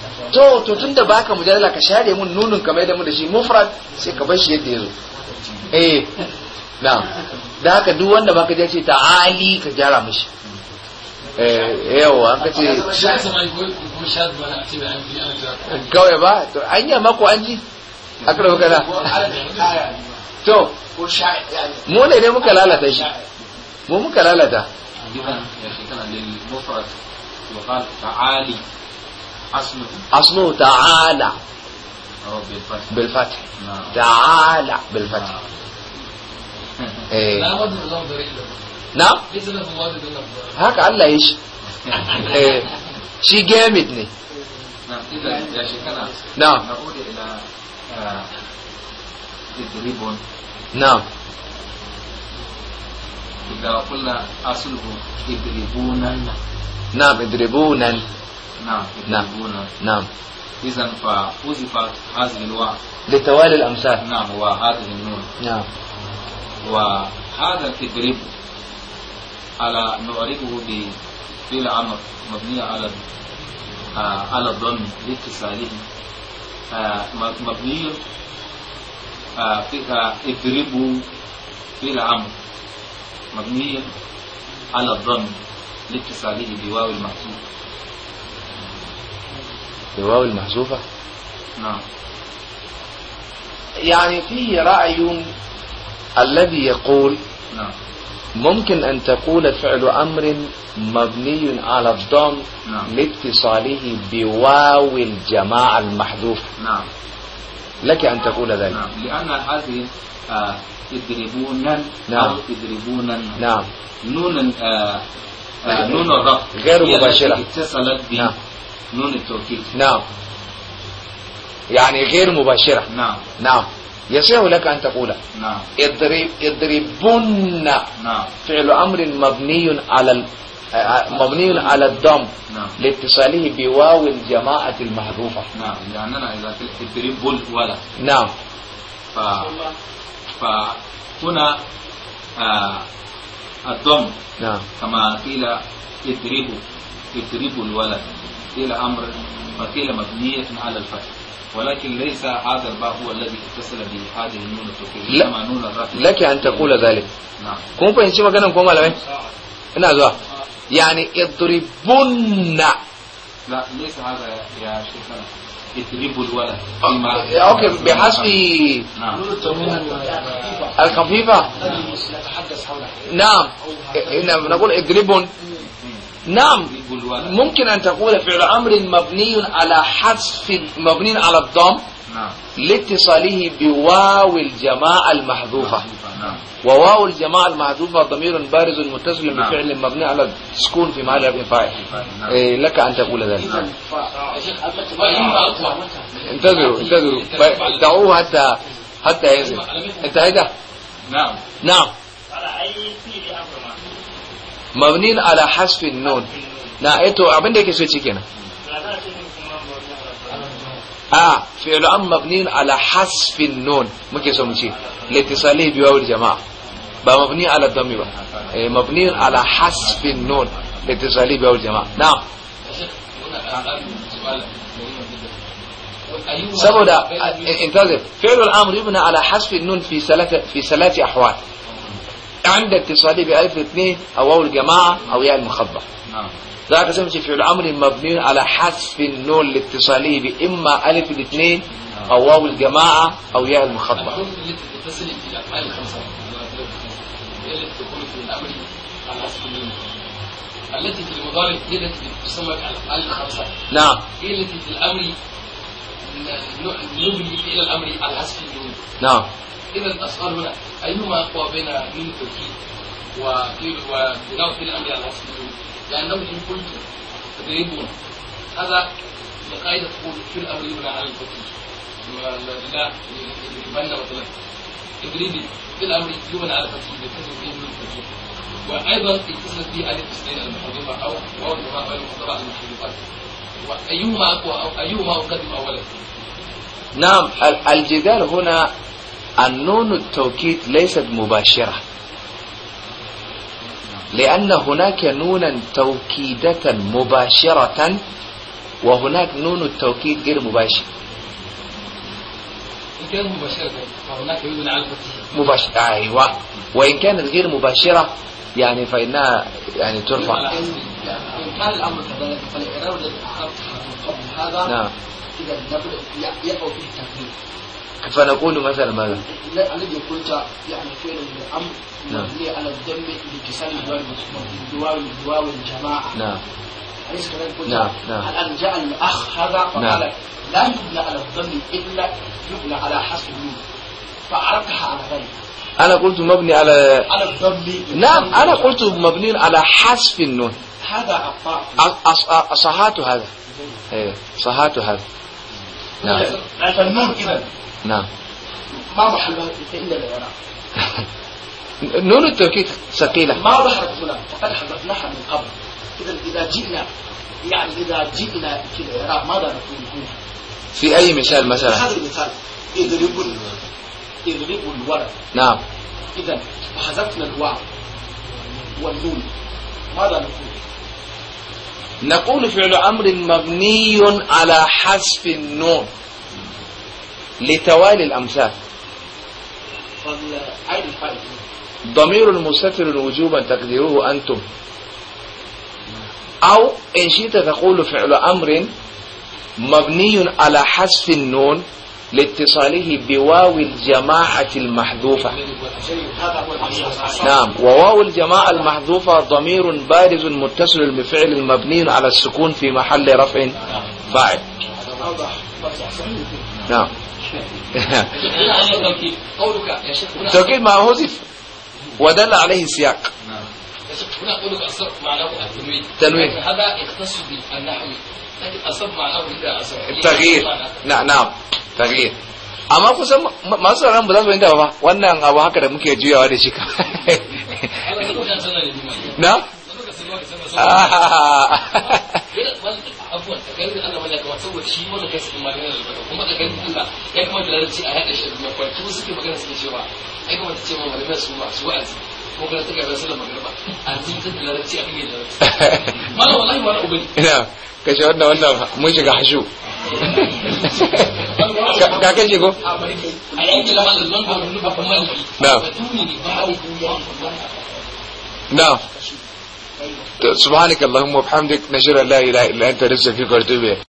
to to tunda baka mujadala ka share mun nunun kamar da mun da shi mufrad sai ka bar shi yadda yazo eh na da haka duk wanda baka je ce Ali ka gyara mishi eh yawa ka ce kawai ba to an yi mako an ji aka rabu ko to mu ne dai muka lalata shi mu muka lalata وقال عصمه اسمه تعالى بالفتح نعم. تعالى نعم. بالفتح ايه نعم هاك على ايش إيه. شي جامدني نعم نعم. آه، نعم إذا قلنا أصله يدربون نعم يدربون نعم نعم إذا فحذفت هذه الواو لتوالي الأمثال نعم وهذه النون نعم وهذا التدريب على نعرفه في العمر مبني على آه على الضم لاتصاله آه آه فيها اضربوا في العمر مبنية على الضم لاتصاله بواو المحسوب الواو المحذوفة نعم يعني فيه رأي الذي يقول نعم ممكن أن تقول فعل أمر مبني على الضم نعم. لاتصاله بواو الجماعة المحذوف نعم لك أن تقول ذلك نعم لأن هذه آه نعم. أو نعم, نعم. نون آه، آه، نون الرفع غير مباشرة اتصلت ب نعم. نون التوكيد نعم يعني غير مباشرة نعم نعم يصح لك أن تقول نعم اضرب نعم فعل أمر مبني على مبني على الضم نعم لاتصاله بواو الجماعة المحذوفة نعم لأننا إذا اضربن ولا نعم ف فهنا آه الضم نعم كما قيل اضربوا اضرب الولد قيل أمر فقيل مبنية على الفتح ولكن ليس هذا الباء هو الذي اتصل به هذه النون التوكيد لا نون الرفع لك أن تقول ذلك نعم كون فهمتي مكانا كون مالامي ina زوا يعني idribunna لا ليس هذا يا شيخنا يضرب الولد اوكي بحسب نعم الخفيفه نعم. نعم. إيه، إيه، نعم نقول اضربون نعم ممكن أن تقول فعل أمر مبني على حذف مبني على الضم نعم. لاتصاله بواو الجماعة المحذوفة نعم. نعم. وواو الجماعة المحذوفة ضمير بارز متصل بفعل مبني على السكون في محل رفع فاعل إيه، لك أن تقول ذلك انتظروا انتظروا دعوه حتى حتى ينزل انتهينا نعم نعم على أي فيل أمر mabnin ala hasfin nun na eto abin da yake so cike na a fi'lu an mabnin ala hasfin nun muke so mu ce litisali biwa wal jama'a ba mabni ala dammi ba eh mabni ala hasfin nun litisali biwa wal jama'a na'am saboda intazif fi'lu al-amr yubna ala hasfin nun fi salati fi salati ahwal عندك تصلي بألف اثنين أو أول جماعة أو ياء المخفضة نعم ذاك تمشي في الأمر مبني على حذف النون الاتصالي بإما ألف الاثنين أو واو الجماعة أو ياء المخطبة نعم. نعم. التي في المضارع دي التي تسمى الألف خمسة نعم هي التي في الأمر نبني إلى الأمر على حذف النون نعم إذا الأسعار هنا أيهما أقوى بين من التوكيد وبناء في الأمر على العصريين لأنهم إن كنت تدريبون هذا القاعدة تقول في الأمر يبنى على التوكيد لا يبنى وتلف تدريبي في الأمر يبنى على التوكيد يتصل به من التوكيد وأيضا اتصلت به ألف السنين المحرمة أو وردها واو المحرمة المحرمات وأيهما أقوى أو أيهما أقدم أولا نعم الجدال هنا النون التوكيد ليست مباشرة لأن هناك نونا توكيدة مباشرة وهناك نون التوكيد غير مباشر مباشرة فهناك على مباشرة أيوة وإن كانت غير مباشرة يعني فإنها يعني ترفع إن كان الأمر كذلك الذي قبل هذا نعم يقع فيه فنقول مثلا ماذا؟ لا الذي قلت يعني فعل الامر مبني على الذم لاتصال الواو الواو الجماعه نعم أليس كذلك قلت نعم نعم الآن جاء الأخ هذا فقال لا يبنى على الذم إلا يبنى على حسب النون فعرضها على ذلك أنا قلت مبني على على الذم نعم أنا قلت مبني على حذف النون هذا أخطاء صحات هذا إيه صحات هذا نعم فالنون إذا نعم ما ضحى إلا العراق نون التوكيد ثقيلة ما ضحت هنا فقد حدثناها من قبل إذا إذا جئنا يعني إذا جئنا في العراق ماذا نقول هنا؟ في أي مثال مثلا؟ هذا المثال اضرب اضرب الورق نعم إذا حذفنا الواو والنون ماذا نقول؟ نقول فعل أمر مبني على حذف النون لتوالي الأمثال ضمير مستتر وجوبا تقديروه أنتم أو إن شئت تقول فعل أمر مبني على حذف النون لاتصاله بواو الجماعة المحذوفة نعم وواو الجماعة المحذوفة ضمير بارز متصل بفعل مبني على السكون في محل رفع فاعل نعم, نعم. توكيد مع هوزف ودل عليه السياق هنا قولك معناه التنوين هذا يختص بالنحوي amma kusan masu ran ba za su yi ba wannan abu haka da muke juyawa da shi na abubuwan Allah saboda shi kai suke magana da kuma Allah ya kamata a yaɗa shi da kwanci suke magana suke cewa ya kamata malamai su wa'azi ko magana a da larabci a kan larabci wallahi ubani ina wannan wannan mun shiga hashu ka kashe ko a yayin da zan ba mun ba kuma na na subhanakallahumma wa bihamdik nashhadu an la ilaha illa anta nastaghfiruka